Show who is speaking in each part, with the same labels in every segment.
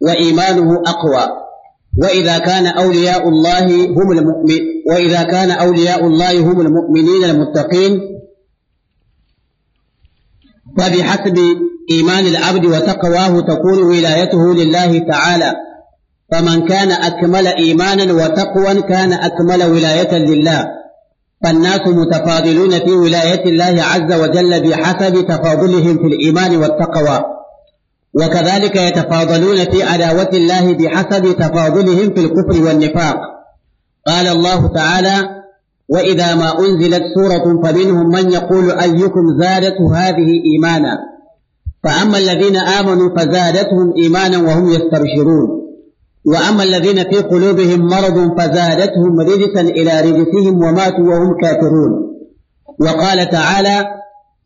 Speaker 1: وإيمانه أقوى وإذا كان أولياء الله هم المؤمن وإذا كان أولياء الله هم المؤمنين المتقين فبحسب إيمان العبد وتقواه تكون ولايته لله تعالى فمن كان أكمل إيمانا وتقوى كان أكمل ولاية لله فالناس متفاضلون في ولاية الله عز وجل بحسب تفاضلهم في الإيمان والتقوى وكذلك يتفاضلون في عداوة الله بحسب تفاضلهم في الكفر والنفاق قال الله تعالى وإذا ما أنزلت سورة فمنهم من يقول أيكم زادته هذه إيمانا فأما الذين آمنوا فزادتهم إيمانا وهم يستبشرون وأما الذين في قلوبهم مرض فزادتهم رجسا إلى رجسهم وماتوا وهم كافرون وقال تعالى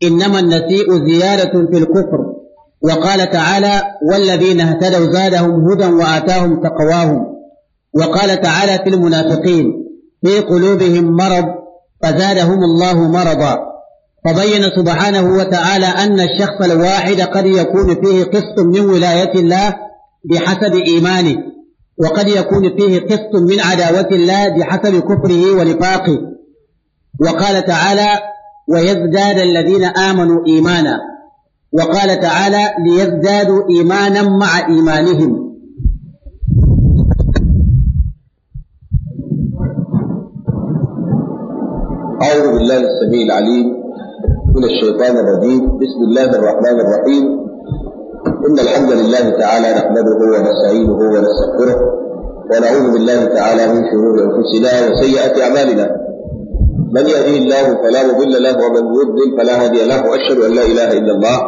Speaker 1: إنما النسيء زيادة في الكفر وقال تعالى والذين اهتدوا زادهم هدى وآتاهم تقواهم وقال تعالى في المنافقين في قلوبهم مرض فزادهم الله مرضا فبين سبحانه وتعالى أن الشخص الواحد قد يكون فيه قسط من ولاية الله بحسب إيمانه وقد يكون فيه قسط من عداوة الله بحسب كفره ونفاقه وقال تعالى ويزداد الذين آمنوا إيمانا وقال تعالى ليزدادوا إيمانا مع إيمانهم
Speaker 2: أعوذ بالله السميع العليم من الشيطان الرجيم بسم الله الرحمن الرحيم إن الحمد لله تعالى نحمده ونستعينه ونستغفره ونعوذ بالله تعالى من شرور أنفسنا وسيئات أعمالنا من يهده الله فلا مضل له ومن يضلل فلا هادي له واشهد ان لا اله الا الله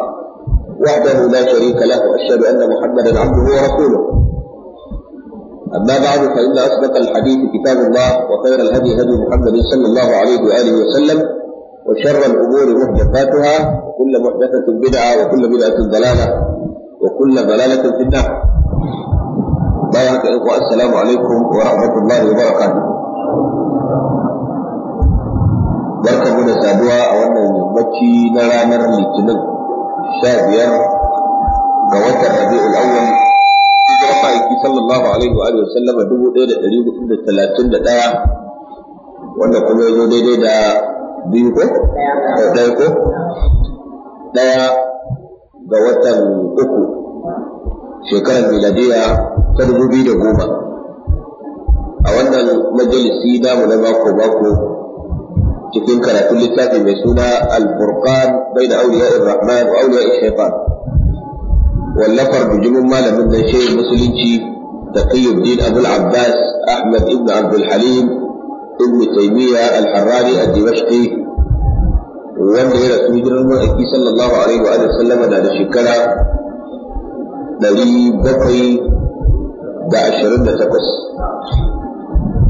Speaker 2: وحده لا شريك له وأشهد أن محمدا عبده ورسوله أما بعد فإن أصدق الحديث كتاب الله وخير الهدي هدي محمد صلى الله عليه وآله وسلم وشر الأمور محدثاتها وكل محدثة بدعة وكل بدعة ضلالة وكل ضلالة في النار بارك إخوة السلام عليكم ورحمة الله وبركاته بركة من سابوة أولا يمتشي نرى نرى لتنم sha biyar ga watan rabi'ul awwal hijira ma'aiki sallallahu alaihi wa sallama dubu ɗaya da ɗari hudu da talatin da ɗaya wanda kuma ya daidai da biyu ko ɗaya ko ɗaya ga watan uku shekarar miladiya ta dubu biyu da goma a wannan majalisi namu na mako mako cikin karatun littafi mai suna al-furqan baina awliya ar-rahman wa awliya ash-shaytan wallafar bijimin malamin da shehin musulunci taqiyuddin abul abbas ahmad ibn abdul halim ibn taymiya al-harrani ad-dimashqi wanda ya rasu hijirar ma'aiki sallallahu alaihi wa sallama na da shekara ɗari bakwai da ashirin da takwas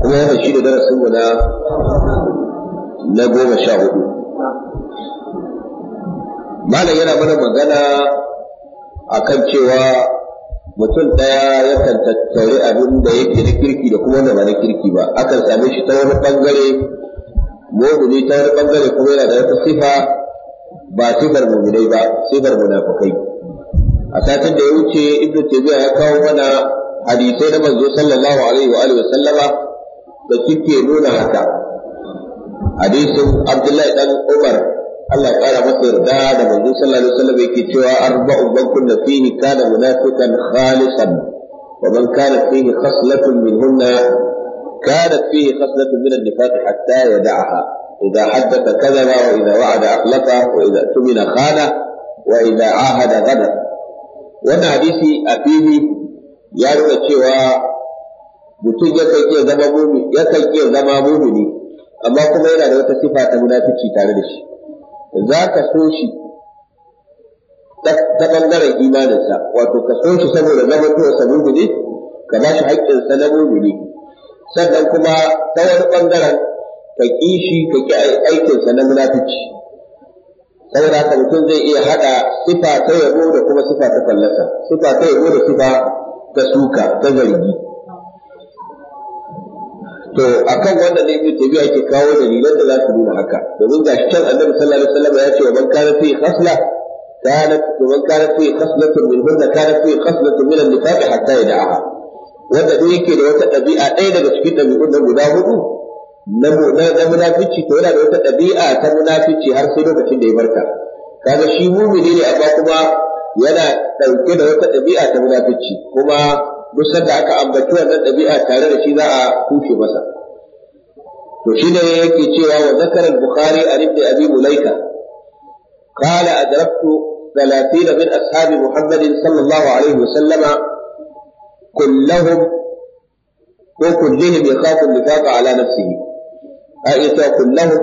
Speaker 2: kuma yana shi da darasin mu na na goma sha hudu malam yana mana magana a kan cewa mutum ɗaya yakan tattare abin da yake na kirki da kuma wanda ba na kirki ba akan same shi ta wani ɓangare mu'mini ta wani ɓangare kuma yana da wata sifa ba sifar mu'minai ba sifar munafukai a satin da ya wuce Ibn taymiya ya kawo mana hadisai na manzo sallallahu alaihi wa alihi wa sallama da suke nuna haka hadisin Abdullahi dan Umar Allah ya kara masa yarda da manzo sallallahu alaihi wasallam yake cewa arba'u man kunna fihi kana munafiqan khalisan wa man kana fihi khaslatun minhunna كانت فيه خصلة من النفاق حتى يدعها إذا حدث كذب وإذا وعد أخلف وإذا اؤتمن خان وإذا عاهد غدر wannan hadisi a fili ya nuna cewa mutum yakan iya zama mumi yakan iya zama mumini amma kuma yana da wata sifa ta munafici tare da shi za ka so shi ta bangaren imaninsa wato ka so shi saboda zama to sabu ne ka ba shi haƙƙin sa na ne sannan kuma ta wani bangaren ka ƙi shi ka ƙi aikin sa na munafici saboda haka mutum zai iya haɗa sifa ta yabo da kuma sifa ta fallasa sifa ta yabo da sifa ta suka ta zargi to akan wannan ne ibnu tabi'a yake kawo dalilan da za su nuna haka domin ga shi can annabi sallallahu alaihi wasallam ya ce wa man kana fi khasla kanat wa man kana fi khaslatun min hunna kana fi khaslatun min an-nifaq hatta yad'aha wanda duk yake da wata ɗabi'a ɗaya daga cikin ɗabi'un nan guda hudu na na munafici to yana da wata ɗabi'a ta munafici har sai lokacin da ya barka kaga shi mumini ne amma kuma yana ɗauke da wata ɗabi'a ta munafici kuma duk sanda aka ambaci wannan ɗabi'a tare da shi za a kushe masa to shi ne yake cewa wa zakara al-bukhari a ibn abi mulaika qala adraktu 30 min ashabi muhammad sallallahu alaihi wa sallama kullahum ko kullihim yakhafu al-lifaqa ala nafsihi aisha kullahum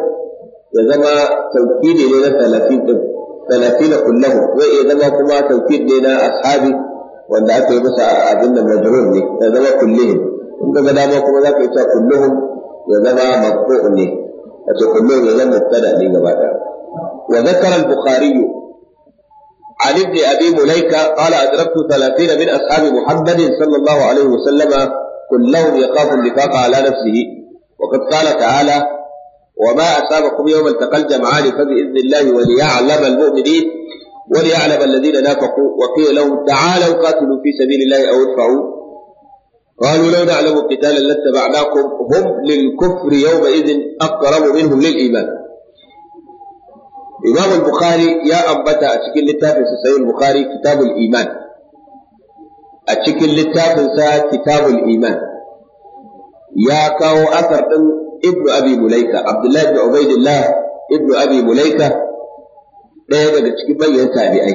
Speaker 2: ya zama tawkidi ne na 30 din 30 kullahum zai iya zama kuma tawkid ne na ashabi wanda aka yi masa abin da majrur ne ya zama kullihim in ka ga dama kuma za ka yi cewa kulluhum ya zama marfu ne a ce kulluhum ya zama mubtada ne gaba ɗaya wa zakara al-bukhari عن ابن ابي مليكه قال ادركت ثلاثين من اصحاب محمد صلى الله عليه وسلم كلهم يخاف النفاق على نفسه وقد قال تعالى وما أصابكم يوم التقى الجمعان فبإذن الله وليعلم المؤمنين وليعلم الذين نافقوا وقيل لهم تعالوا قاتلوا في سبيل الله أو ادفعوا قالوا لو نعلم قتالا لاتبعناكم هم للكفر يومئذ أقرب منهم للإيمان إمام البخاري يا أبتا أشكل للتافه سيد البخاري كتاب الإيمان أشكل للتافه كتاب الإيمان يا كاو أثر ابن أبي مليكة عبد الله بن عبيد الله ابن أبي مليكة ɗaya daga cikin manyan tabi'ai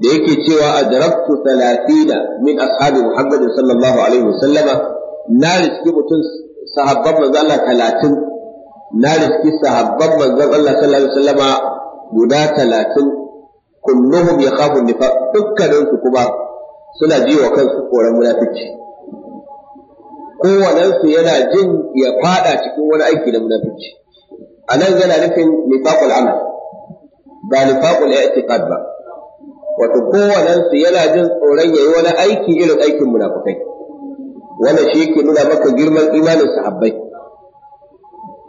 Speaker 2: da yake cewa a adrabtu thalathina min ashabi Muhammad sallallahu alaihi wasallama na riski mutum sahabban manzo Allah 30 na riski sahabban manzo Allah sallallahu alaihi wasallama guda 30 kulluhum yakhafu nifaq dukkanin su kuma suna ji wa kansu koran munafici kowanensu yana jin ya fada cikin wani aiki na munafici a nan yana nufin nifaqul amal ba nifaqul i'tiqad ba wato kowannen su yana jin tsoron yayi wani aiki irin aikin munafikai wanda shi yake nuna maka girman imanin sahabbai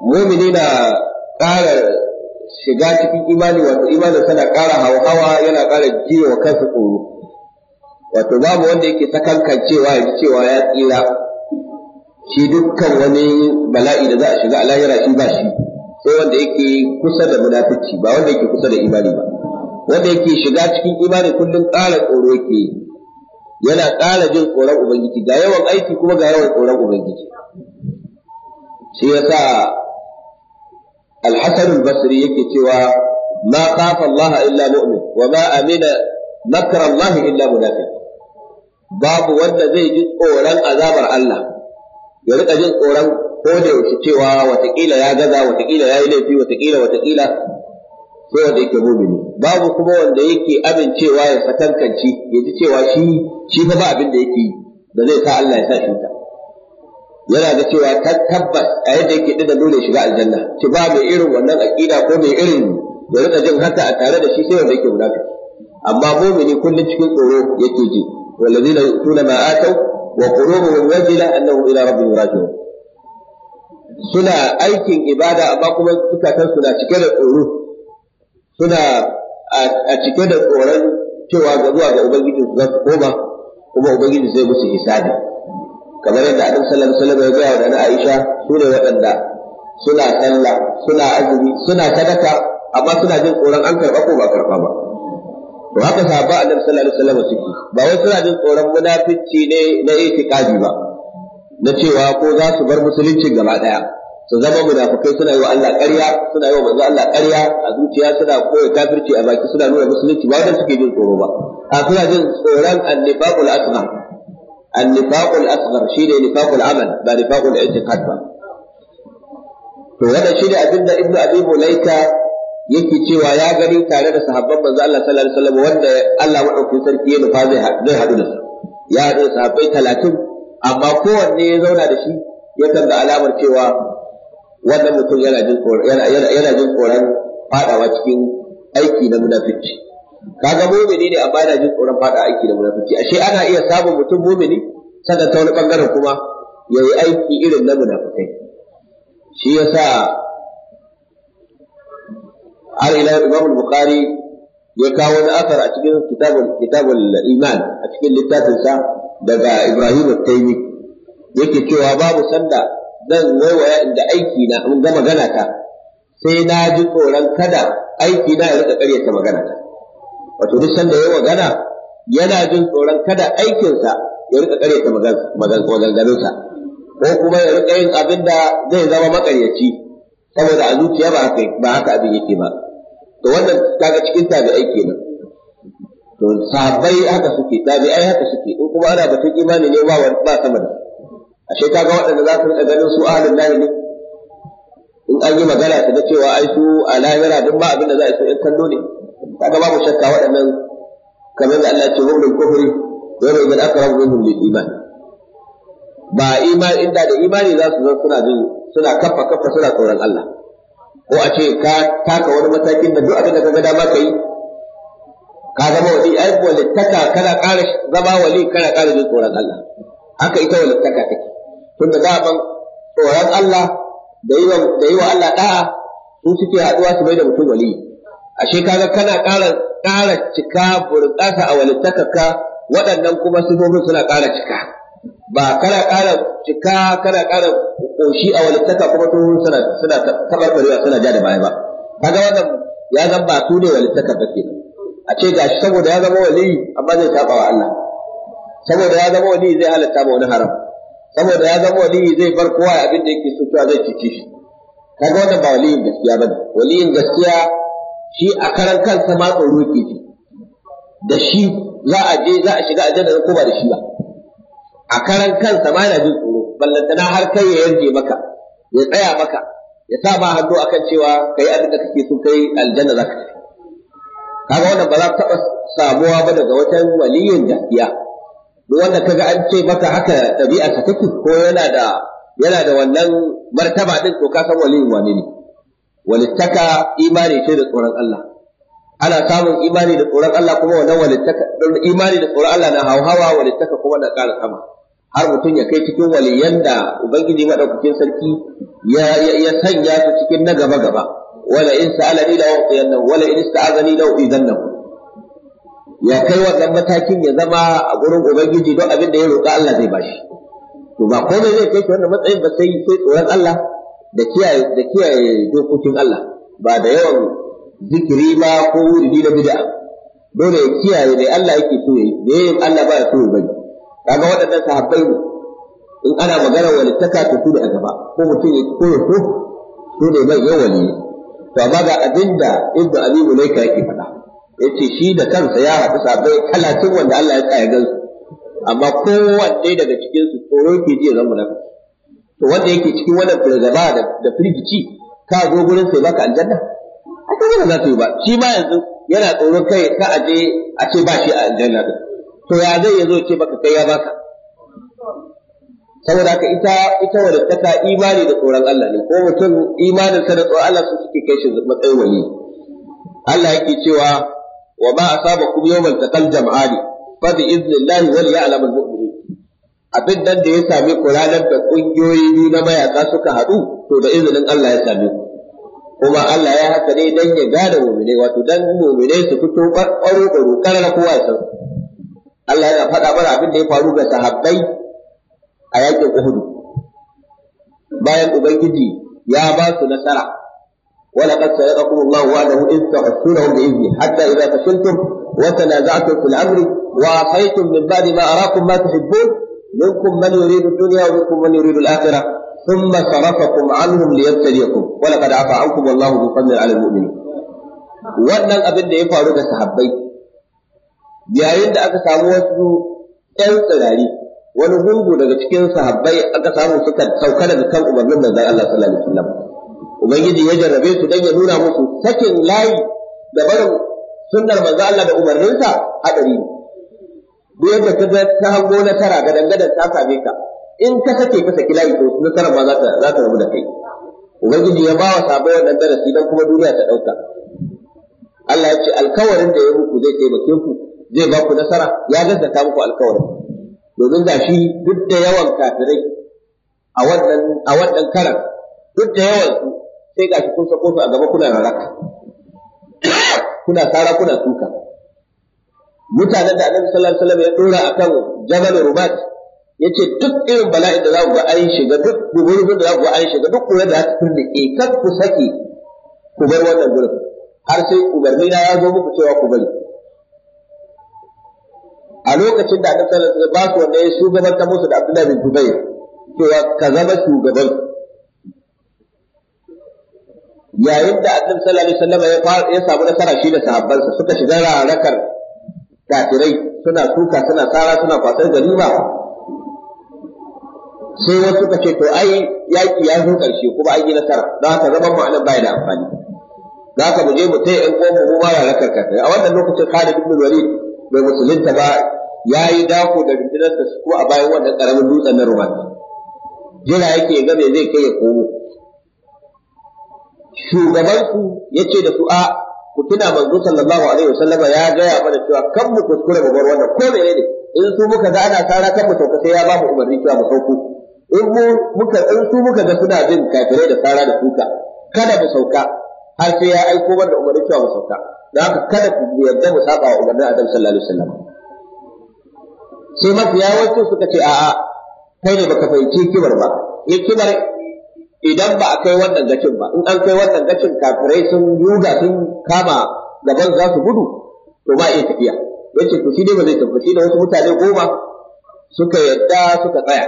Speaker 2: mu'mini na ƙara shiga cikin imani wato imanin sana ƙara hauhawa yana ƙara jiwa wa kansa tsoro wato babu wanda yake sakankan cewa ya cewa ya tsira shi dukkan wani bala'i da za a shiga a lahira shi ba shi sai wanda yake kusa da munafici ba wanda yake kusa da imani ba wanda yake shiga cikin imani kullum ƙara tsoro yake yana ƙara jin tsoron ubangiji ga yawan aiki kuma ga yawan tsoron ubangiji shi yasa
Speaker 1: al-hasan al-basri
Speaker 2: yake cewa ma qafa Allah illa mu'min wa ma amina makra Allah illa munafiq babu wanda zai ji tsoron azabar Allah ya rika jin tsoron ko da yaushe cewa watakila ya gaza watakila ya yi laifi watakila watakila sai wanda yake mumini babu kuma wanda yake amincewa ya sakankanci ya ji cewa shi shi fa ba abin da yake yi da zai sa Allah ya sa shi ta yana da cewa ta tabbas a yadda yake dina dole shiga aljanna ci ba mai irin wannan aqida ko mai irin ya rika jin haka a tare da shi sai wanda yake munafiki amma mumini kullun cikin tsoro yake ji والذين يؤتون ما آتوا وقلوبهم وجلة أنهم إلى ربهم راجعون suna aikin ibada amma kuma zukatan suna cike da tsoro suna a cike da tsoron cewa ga zuwa ga ubangiji za su koma kuma ubangiji zai musu hisabi kamar yadda annabi sallallahu alaihi wasallam ya gaya wa Aisha su ne waɗanda suna sallah suna azumi suna sadaka amma suna jin tsoron an karɓa ko ba karɓa ba to haka sahabba annabi sallallahu alaihi wasallam suke ba wai suna jin tsoron munafici ne na itikadi ba na cewa ko za su bar musulunci gaba daya su zama munafukai suna yi wa Allah ƙarya suna yi wa manzo Allah ƙarya a zuciya suna koya kafirci a baki suna nuna musulunci ba wanda suke jin tsoro ba a suna jin tsoron annifaqul asghar annifaqul asghar shine nifaqul amal ba nifaqul i'tiqad ba to wannan shine abinda ibnu abi mulaika yake cewa ya gani tare da sahabban manzo Allah sallallahu alaihi wasallam wanda Allah madaukakin sarki ya nufa zai haɗu da su ya haɗu da sahabbai talatin amma kowanne ya zauna da shi san da alamar cewa wannan mutum yana jin tsoron fadawa cikin aiki na munafici kaga mumini ne amma yana jin tsoron fada aiki na munafici ashe ana iya samun mutum mumini sannan ta wani bangaren kuma ya yi aiki irin na munafikai shi yasa har ila Imam Bukhari ya kawo wani a cikin kitabul kitabul iman a cikin littafin sa daga Ibrahim Taimi yake cewa babu sanda zan waiwaya inda aiki na in ga magana ta sai na ji tsoron kada aiki na ya rika karyata magana ta wato duk sanda ya magana yana jin tsoron kada aikinsa ya rika karyata maganganunsa ko kuma ya rika yin abin da zai zama makaryaci saboda a zuciya ba haka abin yake ba to wannan kaga cikin ta da aiki nan to sabai haka suke tabi'ai haka suke in kuma ana batun imani ne ba ba sama da ashe kaga waɗanda za su riƙa ganin su ahlul lahi ne in an yi magana ta cewa ai su a lahira duk ba abin da za a yi su in kallo ne kaga babu shakka waɗannan kamar da Allah ya ce hum bil kufri wa hum bil aqrab minhum lil iman ba imani inda da imani za su zo suna jin suna kafa kafa suna tsoron Allah ko a ce ka taka wani matakin da duk abin da ka ga dama ka yi ka zama wali ai walittaka kana ƙara zama wali kana ƙara jin tsoron Allah haka ita walittaka take tun da daman tsoron Allah da yi wa Allah da'a su suke haɗuwa su mai da mutum wali ashe kaga kana ƙara ƙara cika burƙasa a ka? waɗannan kuma sifofin suna ƙara cika ba kana ƙara cika kana ƙara ƙoshi a walittaka kuma sifofin suna suna taɓarɓarewa suna ja da baya ba kaga wannan ya zan ba su ne walittaka kake nan a ce shi saboda ya zama wali amma zai taba wa Allah saboda ya zama wali zai halatta ma wani haram saboda ya zama wali zai bar kowa abin da yake so cewa zai cici shi kaga wannan ba waliyin gaskiya bane waliyin gaskiya shi a karan kansa ma tsoro ke ji da shi za a je za a shiga aljanna ko ba da shi ba a karan kansa ma yana jin tsoro ballantana har kai ya yarje maka ya tsaya maka ya sa ba hannu akan cewa kai abin da kake so kai aljanna za ka tafi kaga wannan ba za ka taɓa samuwa ba daga wajen waliyin gaskiya duk wanda kaga an ce maka haka ɗabi'arsa take ko yana da yana da wannan martaba din to ka san waliyin wane ne walittaka imani ce da tsoron Allah ana samun imani da tsoron Allah kuma wannan walittaka imani da tsoron Allah na hauhawa walittaka kuma na ƙara sama har mutum ya kai cikin waliyan da ubangiji madaukakin sarki ya ya sanya su cikin na gaba gaba wala in sa'alani la uqiyannahu wala in ista'azani la uizannahu ya kai wannan matakin ya zama a gurin ubangiji don abin da ya roƙa Allah zai bashi to ba komai zai kai shi wannan matsayin ba sai sai tsoron Allah da kiyaye da kiyaye dokokin Allah ba da yawan zikiri ba ko wuri na bid'a dole ya kiyaye da Allah yake so yayi da yayin Allah ba ya so ya bari kaga waɗannan sahabbai in ana magana walittaka to tudu a gaba ko mutum ya koyo so to ne bai yawan ne to amma ga da ibnu abi mulaika yake faɗa yace shi da kansa ya haɗu sabai talatin wanda Allah ya tsaya gan su amma kowanne daga cikin su tsoro ke ji zan munafiki to wanda yake cikin wannan firgaba da firgici ka zo gurin sai baka aljanna a kan ba za ta yi ba shi ma yanzu yana tsoron kai ka aje a ce ba shi a aljanna to ya zai ya zo ce baka kai ya baka saboda haka ita ita wadattaka imani da tsoron Allah ne ko mutum sa da tsoron Allah su suke kai shi matsayin wali Allah yake cewa wa ma asabakum yawmal taqal jam'ani fa bi idnillahi wal ya'lam al mu'minin abin nan da ya same ku ranar da kungiyoyi biyu na mayaka suka haɗu to da izinin Allah ya same ku kuma Allah ya haka ne dan ya gada mu'mine wato dan mu'mine su fito ƙwaro ƙwaro da kowa ya san Allah yana faɗa mana abin da ya faru ga sahabbai a yakin Uhud bayan Ubangiji ya basu su nasara wala qad sayaqu Allah wa lahu in ta'thuru bi izni hatta idza fashaltum wa tanaza'tum fil amri wa faytum min ba'di ma araakum ma tuhibbun minkum man yuridu dunya wa minkum man yuridu al-akhirah thumma sarafakum anhum liyabtaliyakum wa laqad afa ankum Allahu bi fadli 'ala al-mu'minin wannan abin da ya faru da sahabbai yayin da aka samu wasu ƴan tsirari wani gungu daga cikin sahabbai aka samu suka sauka daga kan umarnin manzon Allah sallallahu alaihi wasallam ubangiji ya jarrabe su dan ya nuna musu sakin layi da barin sunnar manzon Allah da umarninsa hadari ne duk yadda ka ga ta hango na tara ga dangadan ta same ka in ka sake ka saki layi to nasarar ma za ta za ta rabu da kai ubangiji ya ba wa sahabbai wannan darasi dan kuma duniya ta dauka Allah ya ce alkawarin da ya muku zai taimake ku zai ba ku nasara ya gaskata muku alkawarin domin ga shi duk da yawan kafirai a wannan a wannan karan duk da yawan su sai ga shi kun sako su a gaba kuna raraka kuna sara kuna tuka mutanen da annabi sallallahu alaihi wasallam ya dora akan jabal rubat yace duk irin bala'in da za ku ga 'a'i shiga duk gurbin da za ku ga ai shiga duk kuwa da za ta e kan ku saki ku bar wannan gurbin har sai umarni na ya zo muku cewa ku bari a lokacin da annabi sallallahu alaihi wasallam ba su wanda ya ta musu da Abdullahi bin Zubair cewa ka zama shugaban yayin da annabi sallallahu alaihi wasallam ya samu nasara shi da sahabbansa suka shiga rarakar kafirai suna suka suna tsara suna kwasar ganima sai wasu suka ce to ai yaƙi ya zo karshe kuma an yi nasara Za ka zama mu anan bai da amfani za ka mu je mu taya ƴan goma mu ma rarakar kafirai a wannan lokacin Khalid ibn Walid bai musulunta ba ya yi dako da rundunarsa ko a bayan wannan karamin dutsen na Ruman. Jira yake ga mai zai kai ya komo. Shugabansu ya ce da su a ku tuna manzo sallallahu alaihi wasallam ya gaya mana cewa kan mu kuskure mu wannan ko me ne in su muka ga ana tsara kan mu sauka sai ya ba mu umarni cewa mu sauko. In mu muka in su muka ga suna bin kafirai da tsara da suka kada mu sauka har sai ya aiko banda umarni cewa mu sauka. da haka kada ku yarda mu saba wa umarnin adam sallallahu alaihi wasallam sai mafi wasu suka ce a'a kai ne baka fahimci kibar ba ni kibar idan ba a kai wannan gacin ba in an kai wannan gacin kafirai sun yuga sun kama gaban za su gudu to ba iya tafiya yace to shi dai ba zai tafi da wasu mutane goma suka yarda suka tsaya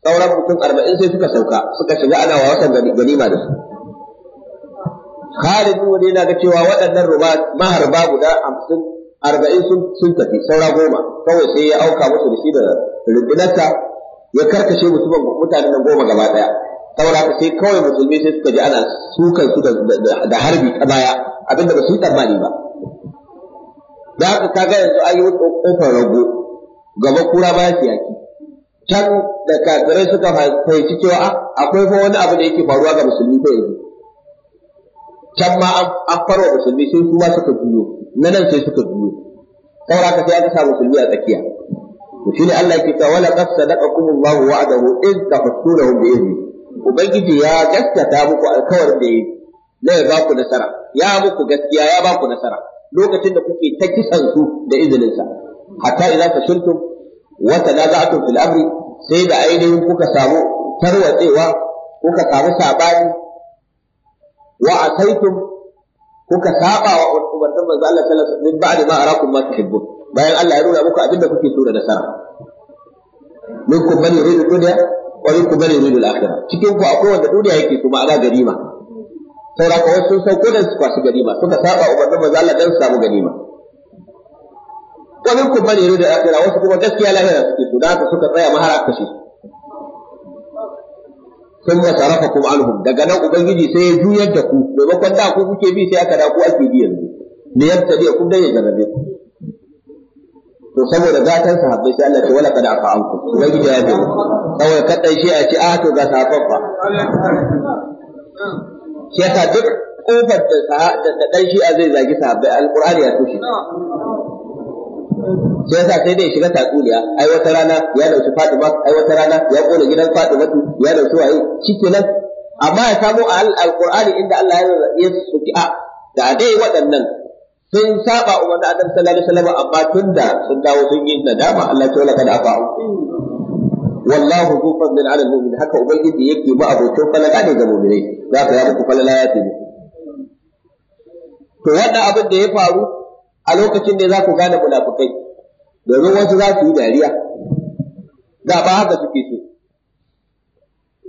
Speaker 2: sauran mutum arba'in sai suka sauka suka shiga ana wasan ganima da su Khalid bin Walid yana ga cewa waɗannan ruba maharba guda 50 arba'in sun sun tafi saura goma kawai sai ya auka musu da shi da rundunarsa ya karkashe mutumin mutanen goma gaba daya saboda ka sai kawai musulmi sai suka ji ana sukan su da harbi ta baya abinda ba su tsammani ba da haka kaga yanzu an yi kofar rago gaba kura baya yaki can da kafirai suka fahimci cewa ah, akwai ko wani abu da yake faruwa ga musulmi ta yanzu can ma an farwa musulmi sai su ma suka juyo na nan sai suka juyo saboda aka sai aka sa musulmi a tsakiya to shine Allah yake cewa wala qad sadaqakum Allah wa'adahu in tafassunahum bi idni ubangiji ya gaskata muku alkawarin da yake na ya ba ku nasara ya muku gaskiya ya baku nasara lokacin da kuke ta kisan su da izinin sa hatta idza fashiltum wa tanaza'tum fil amri sai da ainihin kuka samu tarwatsewa kuka samu sabani wa ataitum kuka saba wa umarnin manzo Allah sallallahu alaihi wasallam min ba'di ma arakum ma tuhibbun bayan Allah ya nuna muku abinda kuke so da nasara minkum man yuridu dunya wa minkum man yuridu al-akhirah cikin ku akwai wanda duniya yake so ma'ana ganima sauraka wasu sauko da su kwasu ganima suka saba umarnin manzo Allah dan samu ganima wa minkum man yuridu al-akhirah wasu kuma gaskiya lahira suke so da suka tsaya mahara kashe su sun da tsarafa kuma alhum daga nan ubangiji sai ya juyar da ku maimakon da ku kuke bi sai aka da ku ake bi yanzu ne ya tabi ku dai ya jarrabe ku to saboda gatan sahabbai sai Allah ta wala kada aka anku ubangiji ya bi
Speaker 3: kawai kadan shi a
Speaker 2: ci a ah, to ga sahabban fa shi yasa duk kofar da da dan shi a zai zagi sahabbai alqur'ani ya tushe shi yasa sai dai shiga tatsuniya ai wata rana ya dauki Fatima ai wata rana ya kona gidan Fatima ya dauki waye shikenan amma ya samu al-Qur'ani inda Allah ya suki a da dai waɗannan sun saba umarni Adam sallallahu alaihi wasallam amma tunda sun dawo sun yi nadama Allah ya tola kada afa wallahu zu fadlin ala al-mu'min haka ubangiji yake ba abokin falaka ne ga ne. za ka ya muku falala ya ce to wannan abin da ya faru a lokacin ne za ku gane munafukai domin wasu za su yi dariya da ba haka suke so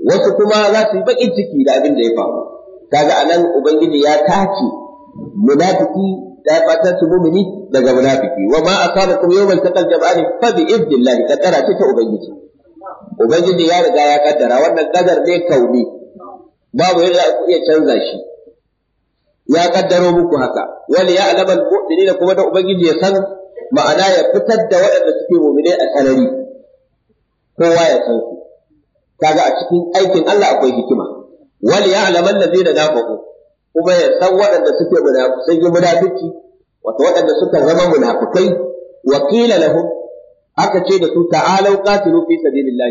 Speaker 2: wasu kuma za su yi baƙin ciki da abin da ya faru kaga anan ubangiji ya tace munafiki da fatan su mumini daga munafiki wa ma asabakum yawmal taqal jam'ani fa bi idnillah kaddara ce ta ubangiji
Speaker 3: ubangiji ya riga ya kaddara
Speaker 2: wannan kadar ne kauni babu yadda ku iya canza shi ya kaddaro muku haka wali ya alama da kuma da ubangiji ya san ma'ana ya fitar da waɗanda suke mu'minai a sarari kowa ya san su kaga a cikin aikin Allah akwai hikima wal ya alama allazina nafaqu kuma ya san waɗanda suke sun yi wato waɗanda suka zama munafikai wa qila lahum aka ce da su ta'alau qatilu fi sabilillah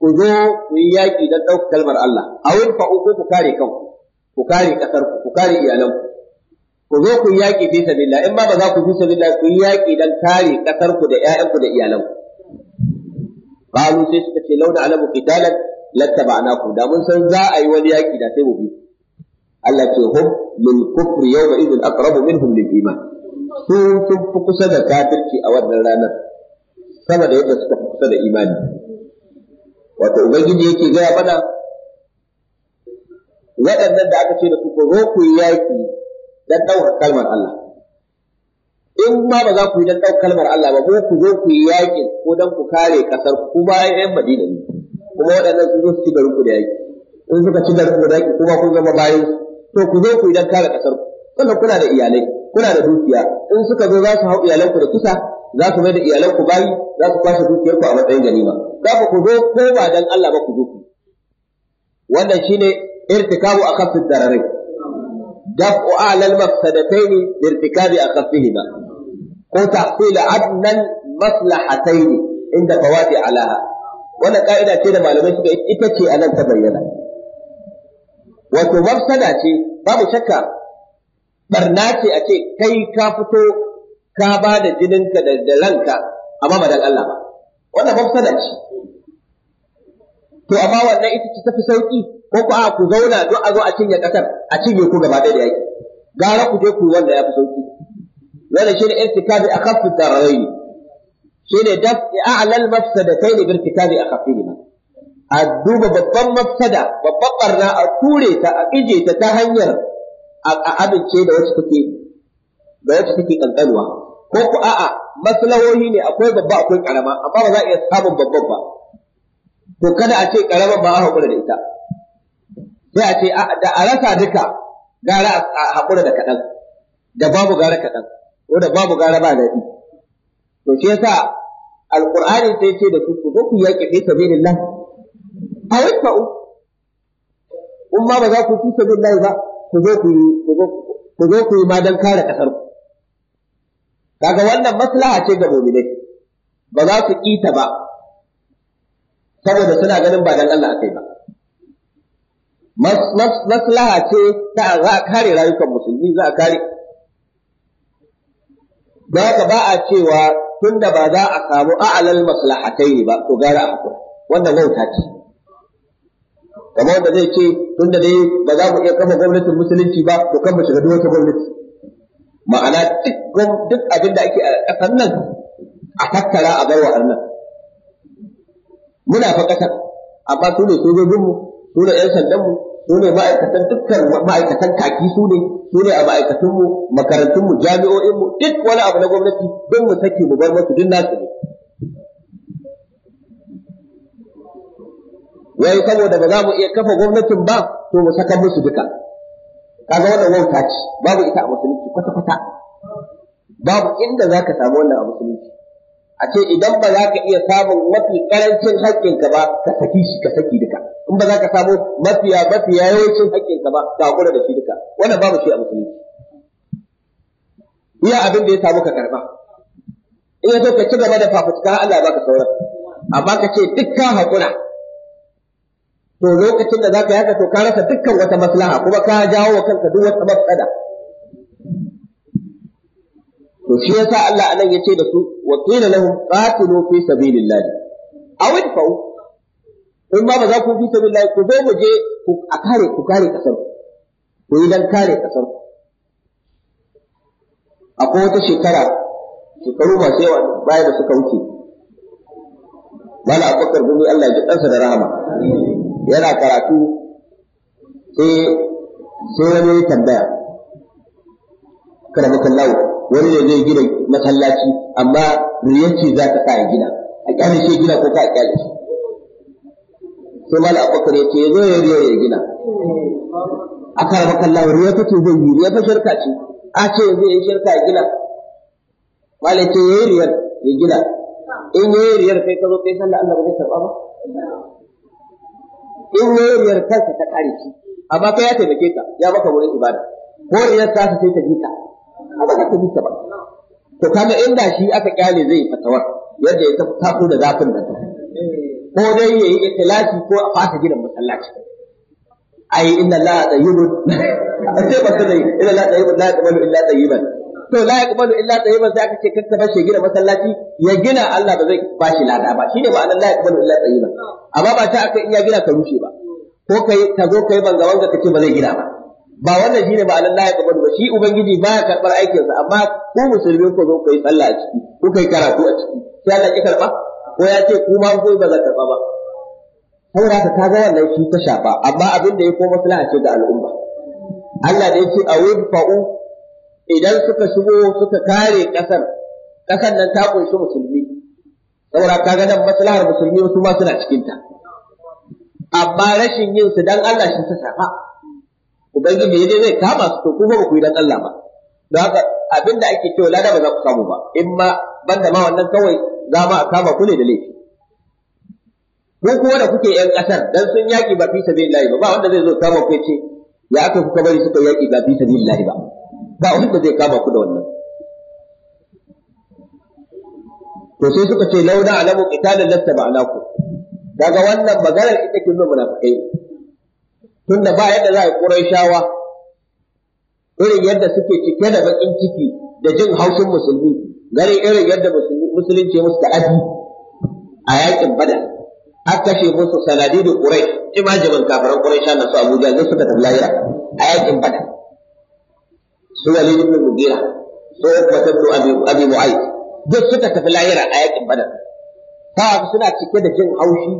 Speaker 2: ku zo ku yi yaki don ɗaukar kalmar Allah a wurin fa'u ku kare kanku ku kare kasar ku kare iyalan ku ku zo ku yaƙi fi sabilillah in ba ba za ku fi sabilillah ku yaki dan kare kasar ku da ƴaƴan ku da iyalan ku qalu sai suka ce launa alamu qitalan lattaba'naku da mun san za a yi wani yaki da sai mu bi Allah ce hum lil kufri yawma idhin aqrabu minhum lil iman su sun fi kusa da kafirci a wannan ranar sama da yadda suka fi kusa da imani wato ubangiji yake gaya mana waɗannan da aka ce da su ko zo ku yi yaƙi dan ɗaukar kalmar Allah in ma ba za ku yi dan ɗaukar kalmar Allah ba ko ku zo ku yi yaƙin ko dan ku kare ƙasar ku bayan ‘yan Madina ne kuma waɗannan su zo su ci garin ku da yaƙi in suka ci da ku da yaƙi kuma kun zama bayan to ku zo ku yi dan kare ƙasar ku sannan kuna da iyalai kuna da dukiya in suka zo za su hau iyalanku da kisa za ku mai da iyalanku bayi za ku kwashe dukiyarku a matsayin ganima za ku zo ko ba dan Allah ba ku zo ku wannan shine irtikabu akhaffi dararai دفع أعلى المفسدتين بارتكاب أخفهما ko tahsil adnan maslahatayn inda fawadi alaha wannan ka'ida da malamai ita ce a ta bayyana wato mafsada ce babu shakka barna ce a ce kai ka fito ka bada da jininka da ranka amma Allah wannan mafsada ce to amma wannan ita ce ko ku a ku zauna duk a zo a cinye kasar a cinye ku gaba ɗaya da yaki gara ku je ku wanda ya fi sauki wannan shine irtikabi akhaffu dararain shine daf a'lal mafsadatayn bi irtikabi akhaffihima a duba babban mafsada babban barna a ture ta a ije ta ta hanyar a abince da wacce take da wacce take kankanuwa ko ku a'a maslahohi ne akwai babba akwai karama amma ba za a iya samun babban ba to kada a ce karama ba a hakura da ita sai a ce da a rasa duka gara a haƙura da kaɗan da babu gara kaɗan ko da babu gara ba daɗi to shi yasa alƙur'ani sai ce da su ku zo ku yaƙi fi sabilillah a wasfa'u in ma ba za ku fi sabilillah ba ku zo ku yi ku zo ku yi ma don kare ƙasar ku kaga wannan maslaha ce ga mu'minai ba za su ƙita ba saboda suna ganin ba dan Allah akai ba maslaha ce ta a kare rayukan musulmi za a kare ba ka ba a cewa tunda ba za a samu a'lal maslahatai ba to gara a hakuri wannan wauta ce kamar da zai ce tunda dai ba za mu iya kafa gwamnatin musulunci ba to kan mu shiga duk wata gwamnati ma'ana duk abin da ake a ƙasar nan a tattara a barwa nan muna fa ƙasar amma su ne sojojinmu su ne 'yan sandanmu su ne ma'aikatan dukkan ma'aikatan kaki su ne su ne a ma'aikatunmu makarantunmu jami'o'inmu duk wani abu na gwamnati don mu sake mu bar masu duk nasu ne wai saboda ba za mu iya kafa gwamnatin ba to mu saka musu duka kaga wannan wauta ce babu ita a musulunci kwata kwata babu inda za ka samu wannan a musulunci a ce idan ba za ka iya samun mafi karancin haƙƙinka ba ka saki shi ka saki duka in ba za ka samu mafiya mafiya yawancin haƙƙinka ba ka hakura da shi duka wannan babu shi a musulunci iya abin da ya samu ka karba in ya zo ka ci gaba da fafutuka Allah ya baka sauran amma ka ce dukkan hakura to lokacin da zaka yaka to ka rasa dukkan wata maslaha kuma ka jawo wa kanka duk wata matsala to shi yasa Allah anan yace da su wa qila lahum qatilu fi sabilillah aw in ba za ku fi sabilillahi ku zo mu je ku a kare ku kare kasar ku yi dan kare kasar akwai wata shekara shekaru masu yawa bayan da suka wuce mala abubakar gumi Allah ya ji da rahama yana karatu sai sai wani ya tambaya karamaka lawo wani ne zai gina masallaci amma riyanci za ta kaya gina a kyale shi gina ko ka a kyale shi sai mala abubakar ya ce ya zo ya ya gina a karama kallon riya kake zai yi riya ta shirka ce a ce ya zo ya shirka ya gina mala ce ya yi riyar ya gina in ya yi riyar kai ka zo kai sallah Allah ba zai karba ba in ya yi riyar kansa ta kare shi amma kai ya taimake ka ya maka wurin ibada ko riyar ta sai ta bi ka ba ka bi ka ba to kaga inda shi aka kyale zai fatawar yadda ya tafi da zafin da ta ko dai yayi ikhlasi ko a fata gidan masallaci ai inna Allah tayyibun sai ba sai inna Allah tayyibun la yaqbalu illa tayyiban to la yaqbalu illa tayyiban sai aka ce kar ta bashi gidan masallaci ya gina Allah ba zai bashi lada ba shine ba Allah la yaqbalu illa tayyiban amma ba ta aka iya gina ka rushe ba ko kai ta zo kai banga wanga kace ba zai gina ba ba wannan shine ba Allah ya kabar ba shi ubangiji baya karbar aikin sa amma ko musulmi ko zo kai sallah a ciki ku kai karatu a ciki sai Allah ya karba ko ya ce kuma ko ba za karɓa ba saboda ta ta ga wannan shi ta shafa amma abin da ya ko maslaha ce ga al'umma Allah da yake a fa'u idan suka shigo suka kare kasar kasar nan ta kunshi musulmi saboda ka ga nan maslahar musulmi wasu ma suna cikin ta amma rashin yin su dan Allah shi ta shafa ubangiji ne zai kama su to kuma ba ku yi dan Allah ba don haka abin da ake cewa lada ba za ku samu ba in ma banda ma wannan kawai dama a kama ku ne da laifi ko kuma da kuke yan kasar dan sun yaki ba fi sabilillahi ba ba wanda zai zo kama ku ce ya aka kuka bari suka yaki ba fi sabilillahi ba ba wanda zai kama ku da wannan to sai suka ce launa alamu qitalan lastaba alaku daga wannan maganar ita kin nuna munafikai tunda ba yadda za a yi shawa irin yadda suke cike da baƙin ciki da jin haushin musulmi ganin irin yadda musulunci musu ta'addi a yakin bada a kashe musu sanadi da ƙurai imajiman kafaran ƙurai sha nasu abuja zai suka tafi layira a yakin bada su walid ibn mugira su ukbat ibn abi mu'ayyid duk suka tafi layira a yakin bada ta suna cike da jin haushi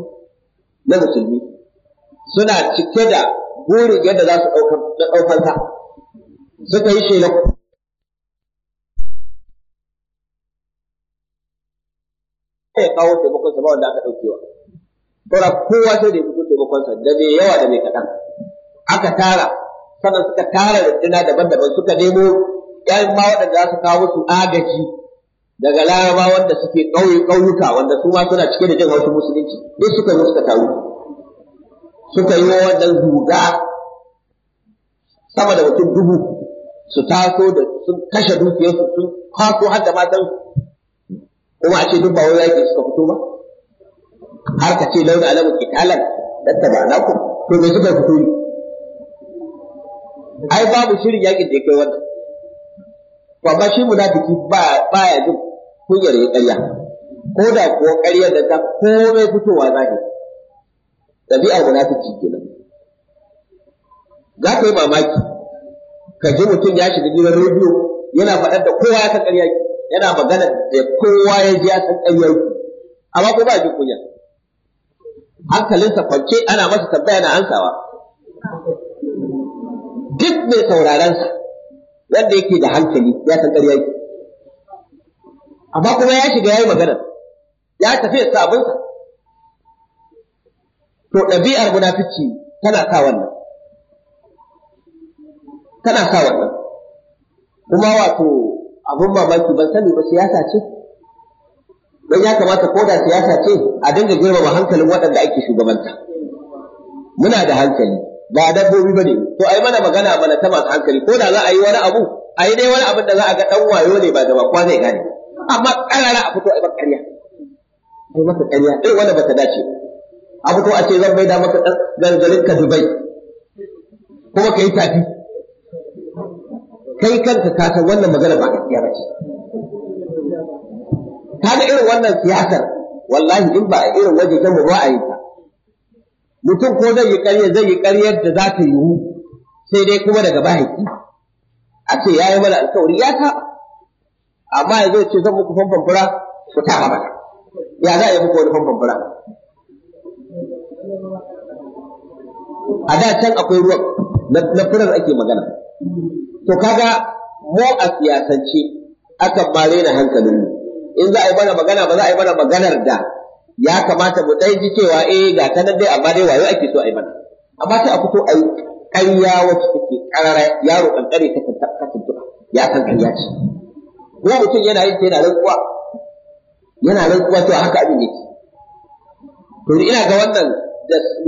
Speaker 2: na musulmi suna cike da burin yadda za su ɗaukar ta suka yi shelar ya kawo sa ba wanda aka ɗaukewa. Saura kowa sai da ya fito sa, da mai yawa da mai kaɗan. Aka tara, sannan suka tara rundunar daban-daban suka nemo ‘yan ma waɗanda za su kawo musu agaji daga laraba wanda suke ƙauyuka wanda su ma suna cike da jin wasu musulunci duk suka zo suka taru. Suka yi wa wannan zuga sama da mutum dubu su taso da sun kashe dukiyarsu sun kwaso har da matan kuma a ce duk ba wai yaƙi suka fito ba har ka ce launa alamu kitalan dan ta ba ku to me suka fito ne ai babu shirin yaƙin da kai wannan to amma shi munafiki ba ya jin kunyar ya ƙarya ko da kuwa ƙarya da ta komai fitowa zahiri ɗabi'ar munafiki kenan za ka yi mamaki ka ji mutum ya shiga gidan rediyo yana faɗar da kowa ya san ƙarya ki yana magana da kowa ya ji a san ƙaryar ku amma ko ba ji kunya hankalinsa kwance ana masa tambaya na ansawa duk mai sauraron sa wanda yake da hankali ya san ƙaryar ku amma kuma ya shiga yayi magana ya tafi ya sabunsa to ɗabi'ar munafici tana sa wannan tana sa wannan kuma wato abun mamaki ban sani ba siyasa ce don ya kamata ko da siyasa ce a dinga girmama hankalin waɗanda ake shugabanta muna da hankali ba dabbobi bane to ai mana magana mana ta masu hankali ko da za a yi wani abu a yi dai wani abin da za a ga dan wayo ne ba da ba kwa zai gane amma karara a fito a yi maka ƙarya ai maka ƙarya irin wanda ta dace a fito a ce zan bai da maka dan gargarin ka Dubai kuma ka yi tafi kai kanka ka san wannan magana ba gaskiya ba ce kaga irin wannan siyasar wallahi in ba a irin waje ta mu ra'ayi a yi ta mutum ko zai yi ƙarya zai yi ƙarya da za ta yiwu sai dai kuma daga bahaki a ce ya yi mana alkawari ya ta amma yanzu ya ce zan muku fanfan fura ku ta ba ya za a yi muku wani fanfan fura a da can akwai ruwan na furar ake magana To kaga mu a siyasance akan ma raina hankalin mu. In za a yi mana magana ba za a yi mana maganar da ya kamata mu ɗan ji cewa eh ga ta nan dai amma dai wayo ake so a yi mana. Amma sai a fito a yi ƙarya wacce take ƙarara yaro ƙanƙare ta tuntuɓa ya san ƙarya ce. Ko mutum yana yin ta yana rantsuwa yana rantsuwa to haka abin yake. To ina ga wannan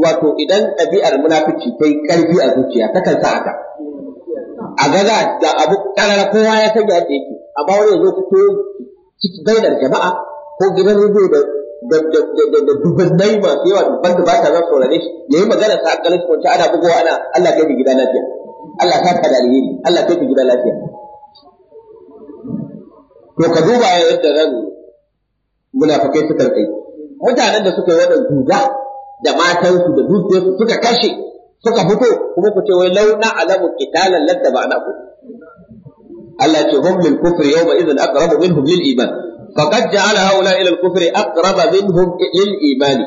Speaker 2: wato idan ɗabi'ar munafici ta yi ƙarfi a zuciya kan sa haka. a gaza da abu karara kowa ya san yadda yake amma wani yanzu fito ciki bainar jama'a ko gidan rubu da da da da da dubannai masu yawa dubban da ba ta zan saurare shi yayi magana ta hankalin shi ta ana bugowa ana Allah kai fi gida lafiya Allah ta fada alheri Allah kai fi gida lafiya to ka duba yadda nan munafikai suka kai mutanen da suka yi wannan duga da matansu da dukiyarsu suka kashe suka fito kuma ku ce wai launa alamu qitalan ladda ba na ku Allah ya ce hum lil kufri yawma idhin aqrabu minhum lil iman faqad ja'ala haula ila al kufri aqraba minhum lil iman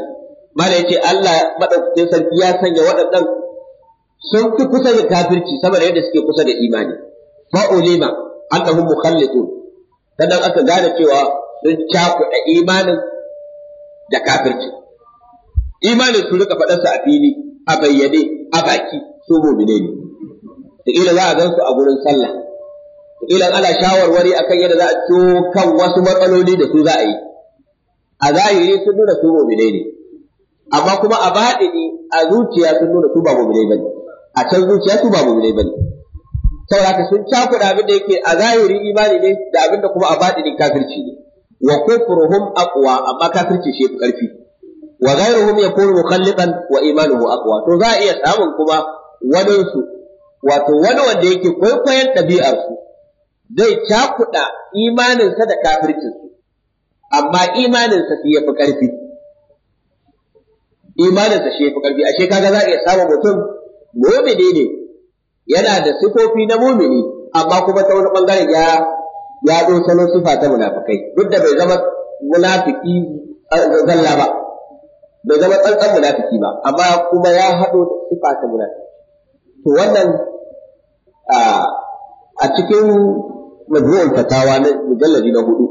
Speaker 2: mala yace Allah madaukakin sarki ya sanya waɗannan sun fi kusa da kafirci sama da yadda suke kusa da imani fa ulima annahum mukhallitun sannan aka gane cewa sun cakuɗa imanin da kafirci imanin su rika faɗarsa a fili a bayyane a baki su mu'mine ne da za a gan su a gurin sallah da ana shawarwari kan yadda za a kan wasu matsaloli da su za a yi a zahiri sun nuna su mu'mine ne amma kuma a baɗini a zuciya sun nuna su ba mu'mine bane a can zuciya su ba mu'mine bane saboda sun cakuɗa abin da yake a zahiri imani ne da abin da kuma a baɗini kafirci ne wa kufruhum aqwa amma kafirci shi fi ƙarfi. wa ghayruhum yakunu mukhallidan wa imanuhu aqwa to za a iya samun kuma wadansu wato wani wanda yake kwaikwayon ɗabi'ar su zai cakuɗa imaninsa da kafircin su amma imaninsa shi yafi ƙarfi imaninsa shi fi ƙarfi ashe kaga za a iya samun mutum mu'mini ne yana da sifofi na mu'mini amma kuma ta wani bangare ya ya ɗo salo sifa ta munafikai duk da bai zama munafiki eh, zalla ba bai zama tsantsan munafiki ba amma kuma ya haɗo da sifa ta to wannan a cikin majiyar fatawa na mujalladi na hudu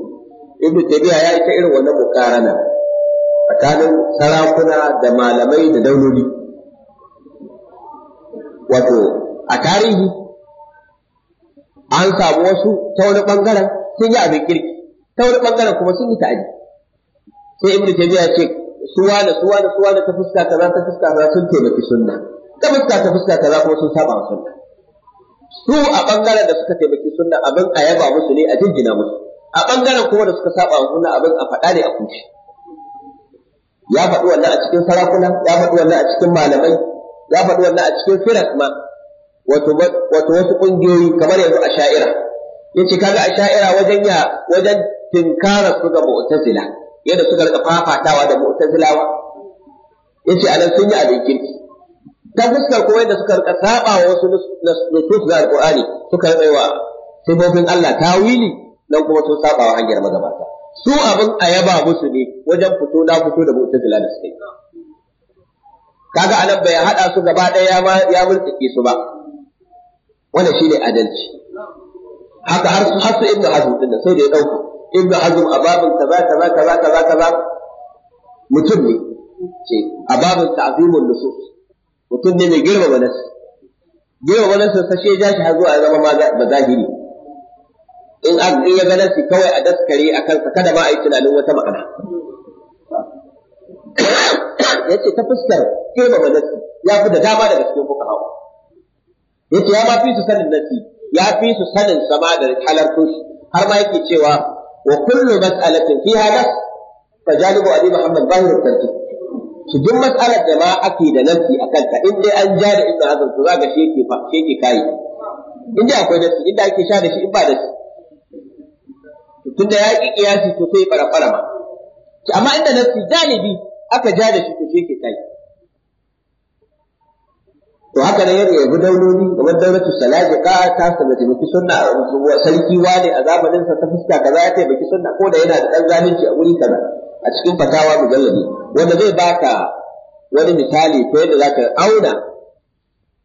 Speaker 2: ibnu taymiya ya ta irin wannan mukarana tsakanin sarakuna da malamai da dauloli wato a tarihi an samu wasu ta wani bangaren sun yi abin kirki ta wani bangaren kuma sun yi ta'adi sai ibnu taymiya ya ce suwa da suwa da suwa da ta fuska kaza ta fuska kaza sun taimaki sunna ta fuska ta fuska kaza kuma sun saba sunna su a bangaren da suka taimaki sunna abin a yaba musu ne a jinjina musu a bangaren kuma da suka saba sunna abin a faɗa ne a kunshi ya faɗi wannan a cikin sarakuna ya faɗi wannan a cikin malamai ya faɗi wannan a cikin firas ma wato wasu ƙungiyoyi kamar yanzu a sha'ira yace kaga a sha'ira wajen ya wajen tinkara su ga mu'tazila yadda suka rika fafatawa da mu'tazilawa yace anan sun yi alikin ta fuskar kuma yadda suka rika saba wa wasu nusus da alqur'ani suka rika wa sifofin Allah tawili dan kuma sun saba wa hanyar magabata su abin a yaba musu ne wajen fito na fito da mu'tazila da suke. kaga anan bai hada su gaba ɗaya ya mulkike su ba wannan shine adalci haka har su hasu ibnu hazm din sai da ya dauka ibn hazm a babin kaza kaza kaza kaza kaza mutum ne ce a babin mutum ne mai girmama nasi girmama nasi sashe ja shi har zuwa ya zama zahiri in ya ga nasi kawai a daskare a kansa kada ma a yi tunanin wata ma'ana yace ta fuskar girmama nasi ya fi da dama daga cikin fuka hawa ma fi su sanin nasi ya fi su sanin sama da halartun shi har ma yake cewa وكل مسألة فيها نفس فجانب أبي محمد ظاهر الترتيب su duk matsalar da ma ake da nafi a kanta in dai an ja da ibnu hazm to zaka shi yake fa shi yake kai in dai akwai nafi inda sha da shi in ba da shi tun da ya fara fara ma amma aka ja da shi to haka nan yadda yabi dauloli kamar daulatu ka ta da biki sunna sarki wane a zamanin sa ta fuska kaza ya taimaki sunna ko da yana da dan zalunci a wuri kaza a cikin fatawa mujallabi wanda zai baka wani misali ta yadda zaka auna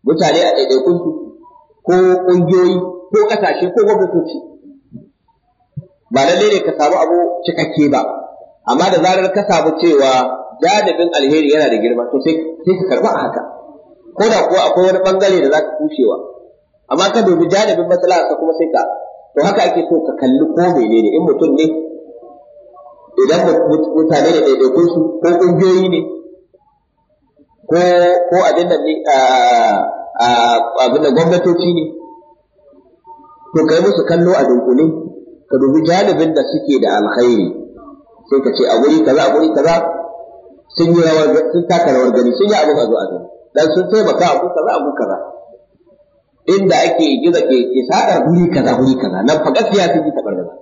Speaker 2: mutane a daidaikun su ko ƙungiyoyi ko ƙasashe ko gwamnatoci ba lallai ne ka samu abu cikakke ba amma da zarar ka samu cewa jadabin alheri yana da girma to sai ka karba a haka ko da kuwa akwai wani bangare da zaka kushewa amma ka dubi janibin matsala ka kuma sai ka to haka ake so ka kalli ko menene in mutum ne idan mutane da ɗaiɗaikun su ko ƙungiyoyi ne ko ko abin nan ne abin da gwamnatoci ne to kai musu kallo a dunkule ka dubi janibin da suke da alkhairi sai ka ce a wuri kaza a wuri kaza sun yi rawar sun taka rawar gani sun yi abin a zo a gani dan sun taimaka a kuka za a kuka za inda ake gida ke ke sadar guri kaza guri kaza nan fa gaskiya sun yi tabargaza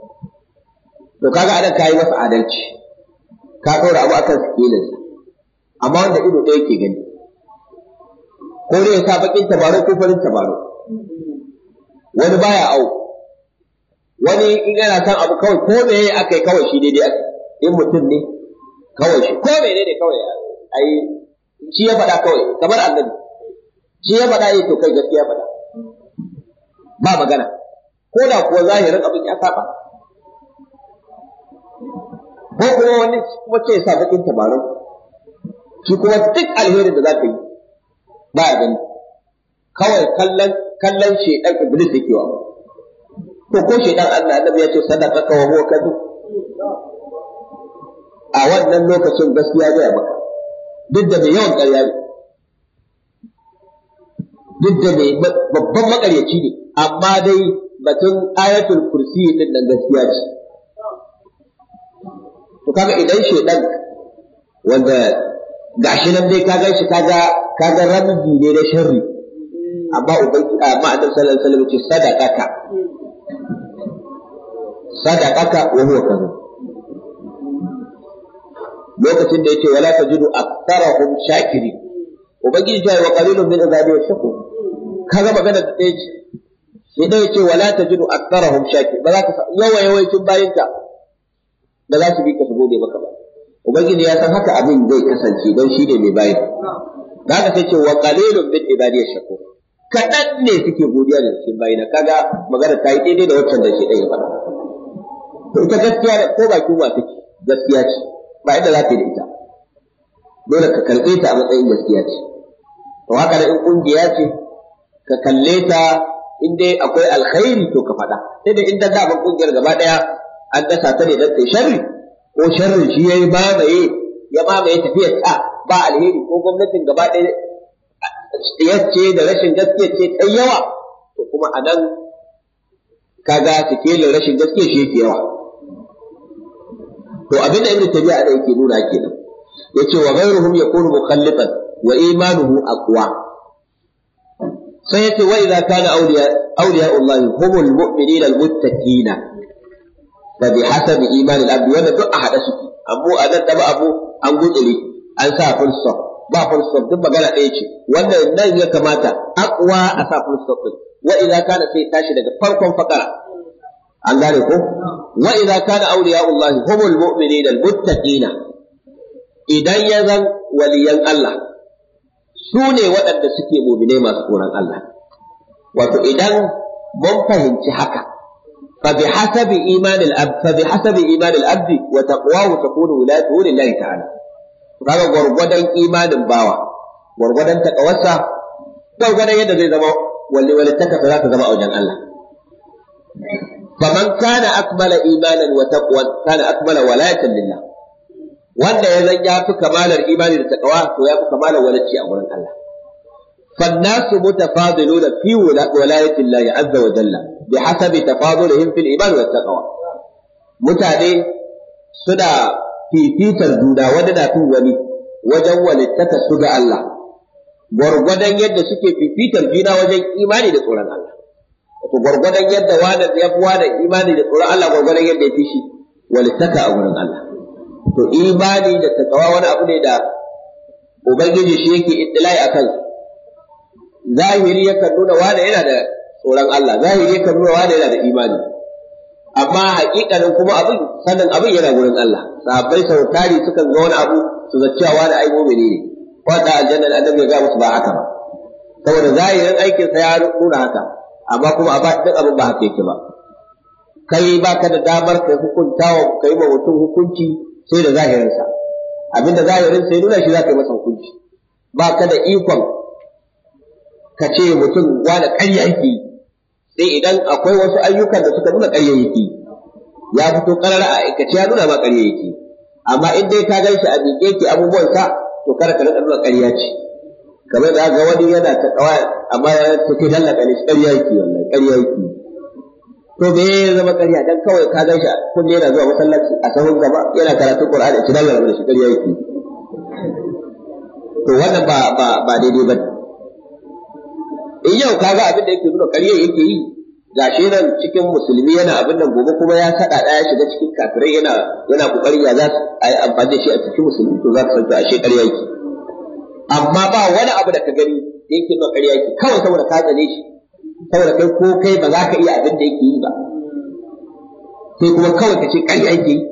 Speaker 2: to kaga adan kai masa adalci ka dora abu akan sikilin amma wanda ido ɗaya ke gani ko ne ya sa bakin tabaro ko farin tabaro wani baya au wani in yana san abu kawai ko me aka yi kawai shi daidai aka in mutum ne kawai shi ko me ne kawai ai shi ya faɗa kawai kamar annabi shi ya faɗa yake kai gaskiya faɗa ba magana ko da kuwa zahirin abin ya saba ko kuma wani kuma ya sa bakin tabarau shi kuma duk alherin da za ka yi ba ya gani kawai kallon kallon shedan iblis yake wa to ko shedan Allah annabi ya ce sadaka ka wa huwa kadhub a wannan lokacin gaskiya zai maka duk da mai yawan ƙarya ne duk da mai babban makaryaci ne amma dai batun ayatul kursi din nan gaskiya ce to kaga idan shedan wanda gashi nan dai kaga shi kaga kaga ramzi ne na sharri amma ubangi amma annabi sallallahu alaihi wasallam ce sadaqaka hmm. sadaqaka wa huwa kadhib lokacin da yake wala tajidu aktharahum shakirin ubangiji ta yi wa qalilun min ibadi yashkur kaga magana da ɗaya ce sai dai yake wala tajidu aktharahum shakirin ba za ka yawa yawancin bayinta ba za su bi ka gode maka ba ubangiji ya san haka abin zai kasance don shi ne mai bayin da ka sai ce wa qalilun min ibadi yashkur kaɗan ne suke godiya da cikin bayina kaga magana ta yi daidai da waccan da shi ɗaya ba. to ita gaskiya ko bakin wa take gaskiya ce ba da za ta yi da ita dole ka karɓe ta a matsayin gaskiya ce to haka da in kungiya ce ka kalle ta in dai akwai alkhairi to ka faɗa sai da in da da kungiyar gaba ɗaya an dasa ta ne don ta sharri ko sharrin shi ya mamaye ya mamaye tafiyar ta ba alheri ko gwamnatin gaba ɗaya ce da rashin gaskiya ce ta yawa to kuma a nan kaga sikelin rashin gaskiya shi yake yawa to abin da ibnu tabi'a da yake nuna kenan yace wa ghayruhum yakunu mukhallifan wa imanuhu aqwa sai yace wa idza kana awliya awliya Allah humul mu'minina almuttaqina fa bi hasabi iman al-abd wannan duk a hada suke abu anan da abu an gutsire an sa fulsa ba fulsa duk magana ɗaya ce wannan nan ya kamata aqwa a sa fulsa din wa idza kana sai tashi daga farkon fakara an gane ko wa idza kana awliya'ullah humul mu'minina almuttaqina idan ya zan waliyan Allah su ne waɗanda suke mu'minai masu tsoron Allah wato idan mun fahimci haka fa fa bi فبحسب إيمان الأب فبحسب إيمان الأب وتقواه تكون ولايته لله تعالى kaga gwargwadon imanin bawa gwargwadon takawarsa gwargwadon yadda zai zama wali wali taka za ta zama a wajen Allah faman kana akmala imanan wa taqwa kana akmala walayatan lillah wanda ya zan ya fi kamalar imani da taqwa to ya fi kamalar walacci a wurin Allah da فالناس متفاضلون في ولاية الله عز وجل بحسب تفاضلهم في الإيمان والتقوى mutane suna fifitar juna wanda na fin wani wajen walittaka su ga Allah gwargwadon yadda suke fifitar juna wajen imani da tsoron Allah wato gwargwadon yadda wani ya fi wani imani da tsoron Allah gwargwadon yadda ya fi shi walittaka a gurin Allah to imani da takawa wani abu ne da ubangiji shi yake a kan, zahiri yakan nuna wani yana da tsoron Allah zahiri yakan nuna wani yana da imani amma hakikanin kuma abin sanin abin yana gurin Allah sabai sau tari sukan ga wani abu su zacciyawa wani ai mu'mini ne wanda aljanna adam ya ga musu ba haka ba saboda zahirin aikinsa ya nuna haka amma kuma a ba duk abin ba haka yake ba kai ba ka da damar ka hukunta wa kai wa mutum hukunci sai da zahirinsa abinda zahirin sai nuna shi za ka yi masa hukunci ba ka da ikon ka ce mutum wani ƙarya yake sai idan akwai wasu ayyukan da suka nuna ƙarya yake ya fito ƙarar a aikace ya nuna ma ƙarya yake amma in dai ka gan shi a miƙe abubuwan sa, to kada ka rika nuna ƙarya ce kamar da ga wani yana ta kawa amma ya ta ke hallaka ne ƙarya yake wallahi ƙarya yake to me ya zama ƙarya dan kawai ka gan shi kullum yana zuwa masallaci a sahun gaba yana karatun Qur'ani a cikin Allah da shi ƙarya yake to wannan ba ba ba daidai ba in yau ka ga abin da yake nuna ƙarya yake yi shi nan cikin musulmi yana abin nan gobe kuma ya sada ya shiga cikin kafirai yana yana kokari ya za su amfani da shi a cikin musulmi to za ka san to ashe ƙarya yake amma ba wani abu da ka gani da yake nuna ƙarya yake kawai saboda ka tsane shi saboda kai ko kai ba za ka iya abin da yake yi ba sai kuma kawai ka ce ƙarya yake yi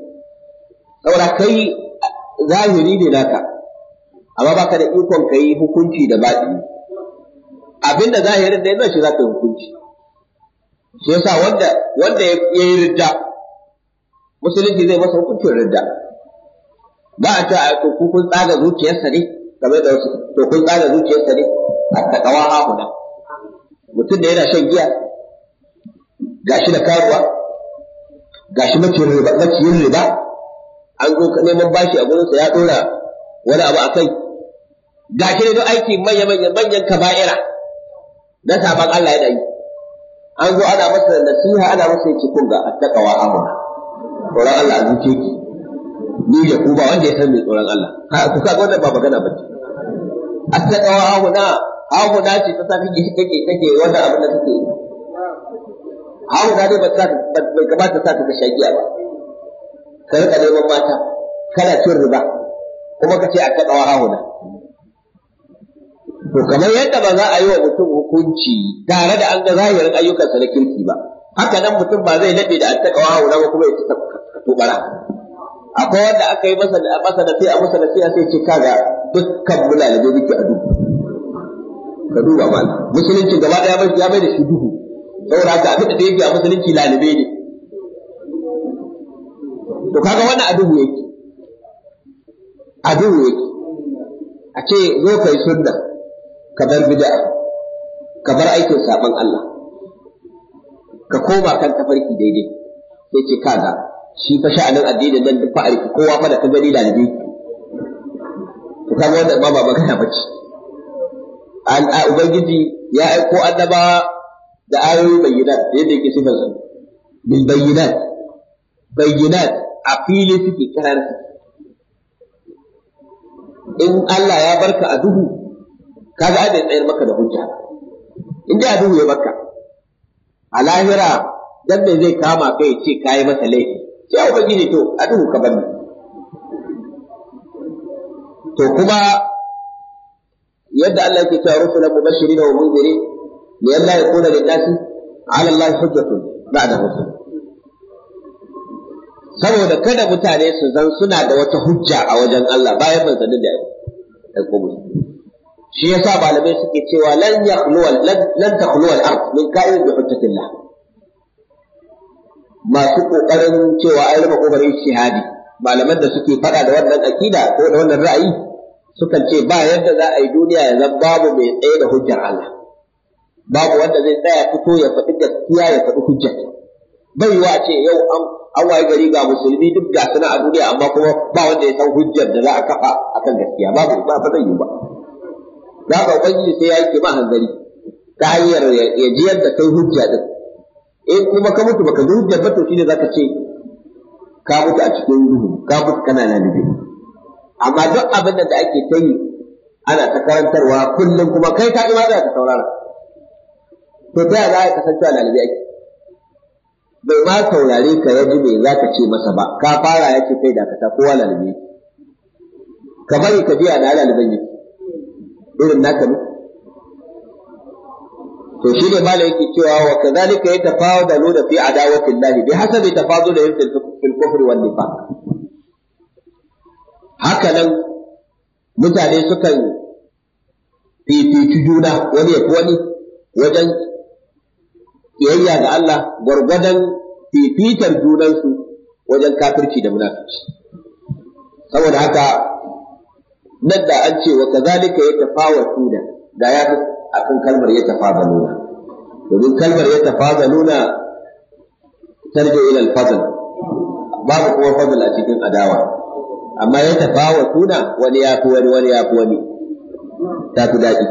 Speaker 2: saboda kai zahiri ne naka amma ka da ikon ka yi hukunci da batini abin da zahirin da ya shi za ka yi hukunci shi yasa wanda wanda ya yi ridda musulunci zai masa hukuncin ridda ba a ta a kun tsaga zuciyarsa ne game da wasu to kun tsara zuciyarsa ne a takawa hahuna mutum da yana shan giya gashi da karuwa gashi maciyin riba maciyin riba an zo neman bashi a gurinsa ya dora wani abu a kai gashi ne duk aiki manya manyan manyan kaba'ira na saban Allah ya yi an zo ana masa nasiha ana masa yace kun ga ha amuna tsoron Allah a zuciyarki ni da ku ba wanda ya san mai tsoron Allah ha ku kaga wannan ba magana bace na ahuna ahuna ce ta saka ki kake kake wannan abin da kake na dai ba bai kamata sa ka shagiya ba ka rika neman mata kana cin riba kuma ka ce attaqawa ahuna to kamar yadda ba za a yi wa mutum hukunci tare da an ga zahirin ayyukansa na kirki ba haka nan mutum ba zai nade da attaqawa ahuna ba kuma ya ta tubara akwai wanda aka yi masa da masa da sai a masa da sai ce kaga dukkan mulalabe muke a duhu ka duba ba musulunci gaba daya ya bai da shi duhu saboda ga abin da yake a musulunci lalabe ne to kaga wannan a duhu yake a duhu yake a ce zo kai sunna ka bar bid'a ka bar aikin saban Allah ka koma kan tafarki daidai sai ce kaga shi fa sha'anin addinin nan duk fa'ari kowa fa da ka gani da ne to kaga wannan ba ba magana bace an a ubangiji ya aiko annaba da ayoyi bayyinat da yadda yake sifar su bil bayyinat bayyinat a fili suke kirar in Allah ya barka a duhu kaga ai bai tsayar maka da hujja in dai a duhu ya barka a lahira dan me zai kama kai ce kai masa laifi ya gini to a duhu ka bani to kuma yadda Allah yake cewa rusulan da wa ne li ya kula da nasi ala Allah hujjatu ba'da rusul saboda kada mutane su zan suna da wata hujja a wajen Allah bayan manzanin da ya kuma shi yasa malamai suke cewa lan yakhluwal lan al ard min ka'in bi hujjatillah masu ƙoƙarin cewa an rufe ƙofar shahadi malaman da suke faɗa da wannan aƙida ko da wannan ra'ayi sukan ce ba yadda za a yi duniya ya zan babu mai tsaye da hujjar Allah babu wanda zai tsaya fito ya faɗi gaskiya ya faɗi hujjar bai yiwa a ce yau an gari ga musulmi duk ga suna a duniya amma kuma ba wanda ya san hujjar da za a kafa akan gaskiya babu ba ba zai yi ba za ka ubangiji sai ya yi ma hanzari ta hanyar ya jiyar da kai hujja din in kuma ka mutu baka zuwa ba to shine zaka ce ka mutu a cikin duhu ka mutu kana ne amma duk abin da ake ta yi ana ta karantarwa kullum kuma kai ka ima za ka saurara to ta za ka san a lalibe ake bai ma saurare ka ya ji za ka ce masa ba ka fara ya ce kai dakata kowa lalibe ka bari ka biya da laliban yake irin naka ne to shi ne mala yake cewa wa kadhalika yatafawadalu da fi adawati Allah bi hasabi tafadulihim fil kufri wal nifaq haka nan mutane sukan fifici juna wani ya wani wajen kiyayya da Allah gwargwadon fifitar junansu wajen kafirci da munafici saboda haka nan da an ce wa kadhalika yatafawatu da da ya akan kalmar ya nuna, domin kalmar ya tafazaluna tarjo ila al-fazl babu kuma fazl a cikin adawa amma ya tafawatuna wani ya fi wani wani ya fi wani ta fi daɗi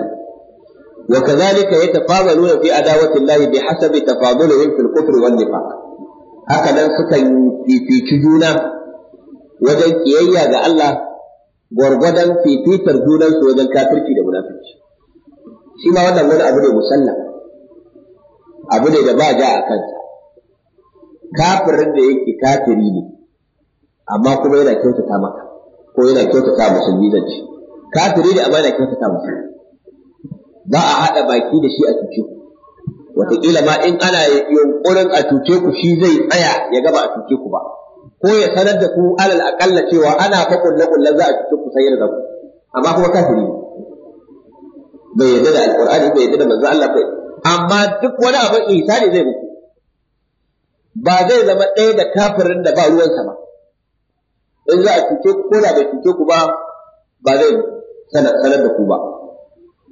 Speaker 2: wa kazalika ya tafazaluna fi adawati Allah bi hasabi tafadulihim fil kufr wal nifaq haka nan sukan fifici juna wajen kiyayya ga Allah gwargwadon fifitar junansu wajen kafirci da munafici shi ma wannan wani abu ne musallam abu ne da ba ja a kansa kafirin da yake kafiri ne amma kuma yana kyautata maka ko yana kyautata musulmi zan ce kafiri ne amma yana kyautata musulmi ba a haɗa baki da shi a cuce ku wataƙila ma in ana yunƙurin a cuce ku shi zai tsaya ya gaba a cuce ku ba ko ya sanar da ku alal aƙalla cewa ana fa kulle kulle za a cuce ku sai ya ku amma kuma kafiri ne bai yadda da alqur'ani bai yadda da manzo Allah bai amma duk wani isa ne zai muku ba zai zama ɗaya da kafirin da ba ruwansa ba in za a cuce ku ko da bai cuce ku ba ba zai sanar da ku ba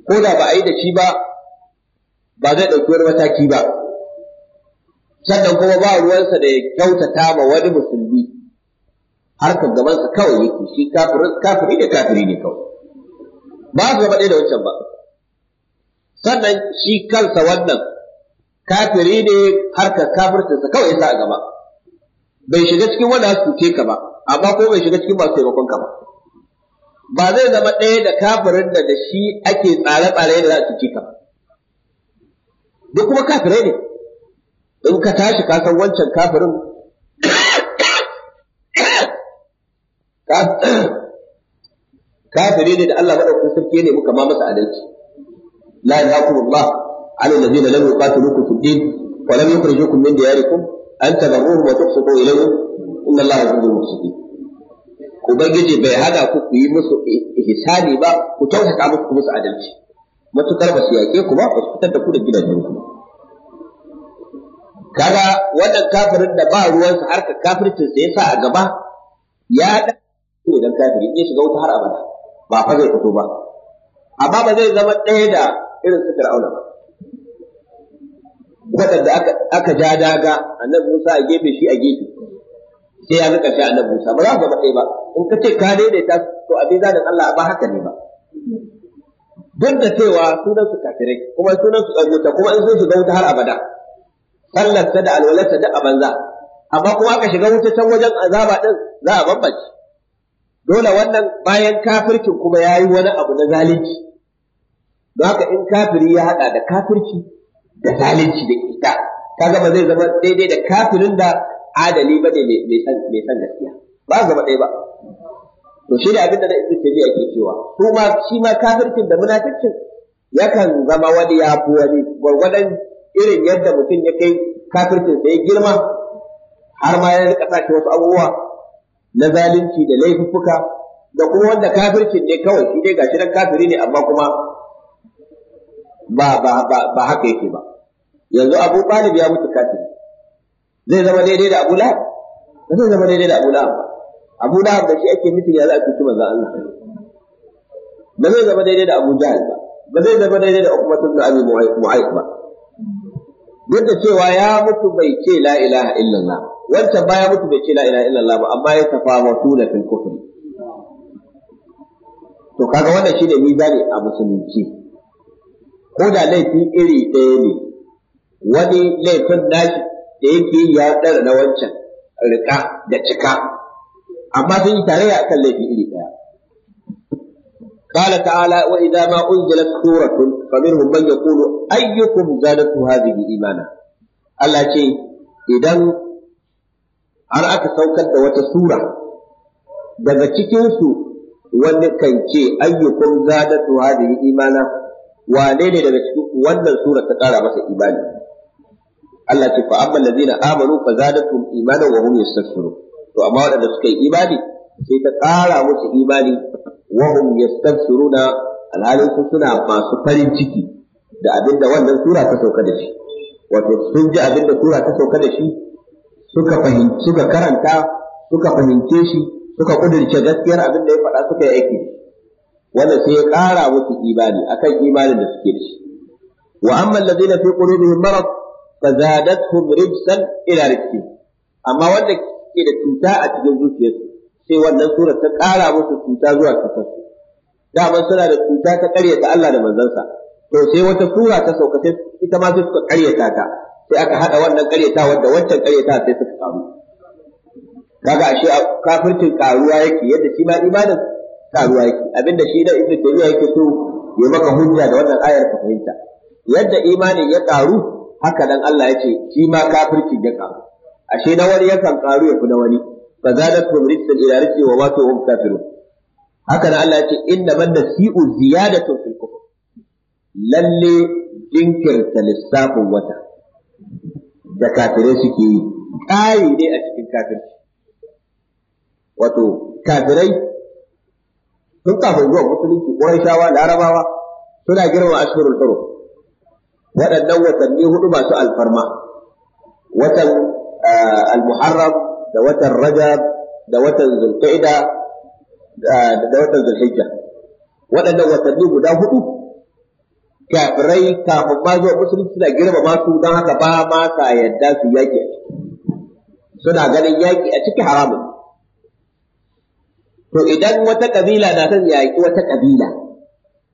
Speaker 2: ko da ba a yi da shi ba ba zai ɗauki wani mataki ba sannan kuma ba ruwansa da ya kyautata ma wani musulmi harkar gabansa kawai yake shi kafiri da kafiri ne kawai ba su gaba ɗaya da wancan ba sannan shi kansa wannan kafiri ne harkar kafircinsa kawai ya sa a gaba bai shiga cikin wanda su ka ba amma ko bai shiga cikin masu taimakon ka ba ba zai zama ɗaya da kafirin da da shi ake tsare-tsare da za su ke ka ba duk kuma kafirai ne in ka tashi ka san wancan kafirin kafiri ne da Allah maɗaukakin sarki ne muka ma masa adalci لا yanhaakum الله 'ala الذين لم يقاتلوكم في الدين ولم يخرجوكم من دياركم أن an tabarruhum إليهم إن الله inna Allah ubangiji bai hada ku ku yi musu ihsani ba ku tausaka musu musu adalci matukar ba su yake ku ba su fitar da ku da gidajen ku kaga wannan kafirin da ba ruwansa harka kafircin sa yasa a gaba ya da ne dan kafiri shiga wuta har abada ba fa zai fito ba amma ba zai zama ɗaya da irin su fir'auna ba waɗanda aka ja daga annabi Musa a gefe shi a gefe sai ya rika shi annabi Musa ba za ka zama ɗaya ba in ka ce ka daidaita to abin zanin Allah ba haka ne ba duk da cewa sunan su kafirai kuma sunan su wuta kuma in sun shiga wuta har abada sallar ta da alwalar ta da a banza amma kuma aka shiga wuta can wajen azaba din za a bambance dole wannan bayan kafircin kuma ya yi wani abu na zalunci don haka in kafiri ya haɗa da kafirci da zalunci da ita kaga zama zai zama daidai da kafirin da adali ba ne mai san gaskiya ba zama ɗaya ba to shi ne abin da na ke cewa kuma shi ma kafircin da munaficcin yakan zama wani ya fi wani gwargwadon irin yadda mutum ya kai kafircin sai ya girma har ma ya rika wasu abubuwa na zalunci da laifuffuka da kuma wanda kafircin ne kawai shi dai gashi nan kafiri ne amma kuma ba ba ba haka yake ba yanzu Abu Talib ya mutu kafiri zai zama daidai da Abu Lahab ba zai zama daidai da Abu Lahab ba Abu Lahab da shi ake mutu ya za a cuci manzon Allah ba zai zama daidai da Abu Jahl ba ba zai zama daidai da Uqbatun da Abi Mu'ayth ba duk da cewa ya mutu bai ce la ilaha illallah wancan ya mutu bai ce la ilaha illallah ba amma ya tafawatu da fil kufri to kaga wannan shine mizani a musulunci ko da laifin iri ɗaya ne wani laifin nashi da yake yi ya ɗara na wancan rika da cika amma sun yi tare ya kan laifin iri ɗaya kala ta'ala wa idza ma unzilat suratun famirhum man yaqulu ayyukum zadatu hadhihi imana Allah ce idan har aka saukar da wata sura daga cikin su wani kance ayyukum zadatu hadhihi imana wane ne daga cikin wannan sura ta kara masa imani Allah ce fa amma allazina amanu fa zadatum imanan wa hum yastaghfirun to amma wadanda suka yi imani sai ta kara musu imani wa hum yastaghfiruna alhalin su suna masu farin ciki da abinda wannan sura ta sauka da shi wato sun ji abinda sura ta sauka da shi suka fahimci suka karanta suka fahimce shi suka kudirce gaskiyar abinda ya faɗa suka yi aiki wannan sai ya ƙara musu imani akan imanin da suke da shi wa amma allazina fi qulubihim marad zadatuhum rijsan ila rijsi amma wanda ke da cuta a cikin zuciyarsu sai wannan sura ta ƙara musu cuta zuwa cutar su dama suna da cuta ta ƙaryata Allah da manzansa to sai wata sura ta sauka sai ita ma sai suka ƙaryata ta sai aka hada wannan ƙaryata wanda wancan ƙaryata sai suka karu kaga ashe kafircin karuwa yake yadda shi ma imanin karuwa yake abinda shi da ibnu taymiya yake so ya maka hujja da wannan ayar ka fahimta yadda imanin ya karu haka dan Allah ya ce shi ma kafircin ya karu ashe na wani yakan karu ya fi na wani fa zadatuhum rijsan ila rijsi wa ma tu'um kafirun haka dan Allah ya ce inna man nasi'u ziyadatun fil kufr lalle jinkirta lissafin wata da kafirai suke yi kai ne a cikin kafirci wato kafirai tun kafin zuwa musulunci ƙurayshawa larabawa suna girma ashurul turu. waɗannan watanni hudu masu alfarma watan eh, al-muharram da watan rajab da watan zulqa'da eh, da watan zulhijja waɗannan watanni guda hudu kafirai kafin ma zuwa musulunci suna girma masu don haka ba ma sa yadda su yaki suna ganin yaki a ciki haramun to idan wata ƙabila na son yaƙi wata ƙabila,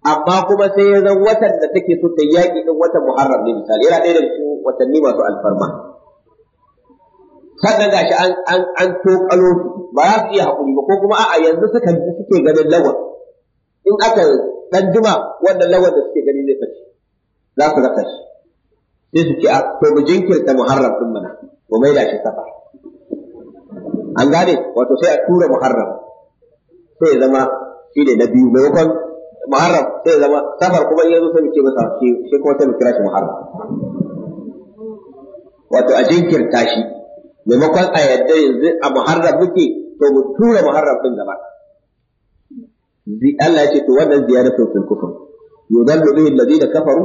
Speaker 2: amma kuma sai ya zan watan da take so ta yaƙi din watan Muharram ne misali yana ɗaya da su watanni masu alfarma sannan gashi an an an tokalo ba za su iya haƙuri ba ko kuma a'a yanzu suka ji suke ganin lawan in aka ɗan juma wannan lawan da suke gani zai fashe za su rasa shi sai su ce to mu jinkirta Muharram ɗin mana mu maida shi safa an gane wato sai a tura Muharram sai ya zama shi ne na biyu maimakon muharram sai ya zama safar kuma in yazo sai mu ce masa shi kuma sai mu kira shi muharram wato a jinkirta shi maimakon a yadda yanzu a muharram muke to mu tura muharram din gaba Allah ya ce to wannan ziyaratu fil kufr yudallu bihi alladhina kafaru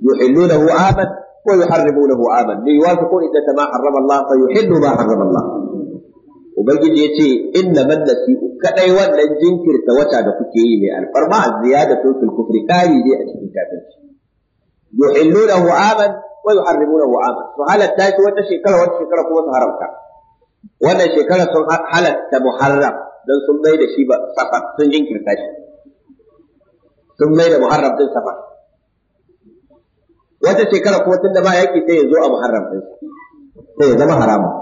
Speaker 2: yuhillunahu aman ويحرمونه عاما ليوافقوا إذا ما حرم الله فيحلوا ما حرم الله ubangiji ya ce inna man nasi'u kadai wannan jinkirta wata da kuke yi mai alfarma ziyadatu fil kufri kari ne a cikin kafirci yuhillunahu aman wa yuharrimunahu aman su halatta shi wata shekara wata shekara kuma su haramta wannan shekara sun halatta muharram dan sun mai da shi ba safar sun jinkirta shi sun mai da muharram din safar wata shekara kuma tunda ba yaki sai ya zo a muharram din sai ya zama haramun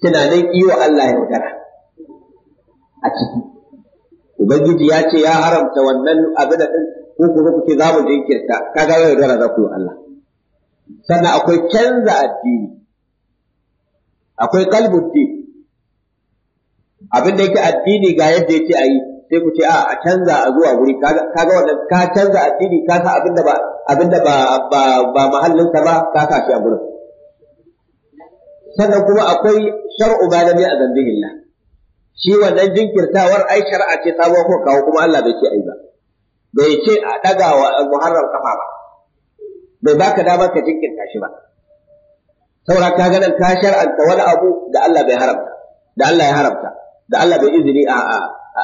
Speaker 2: tunanin iyo Allah ya magana a ciki ubangiji ya ce ya haramta wannan abin da din ko kuma kuke za mu jinkirta kaga yau da za ku yi Allah sannan akwai canza addini akwai kalbun din abin da yake addini ga yadda yake a yi sai ku ce a canza a zuwa wuri kaga wannan ka canza addini ka sa abin da ba abin da ba ba ba ka sa shi a gurin sannan kuma akwai shar'u ba da a zambihillah shi wannan jinkirtawar ai shar'a ce sabuwa ko kawo kuma Allah bai ce ai ba bai ce a daga wa muharram kafa ba bai baka dama ka jinkirta shi ba saboda ka ga nan ka shar'anta wani abu da Allah bai haramta da Allah ya haramta da Allah bai izini a a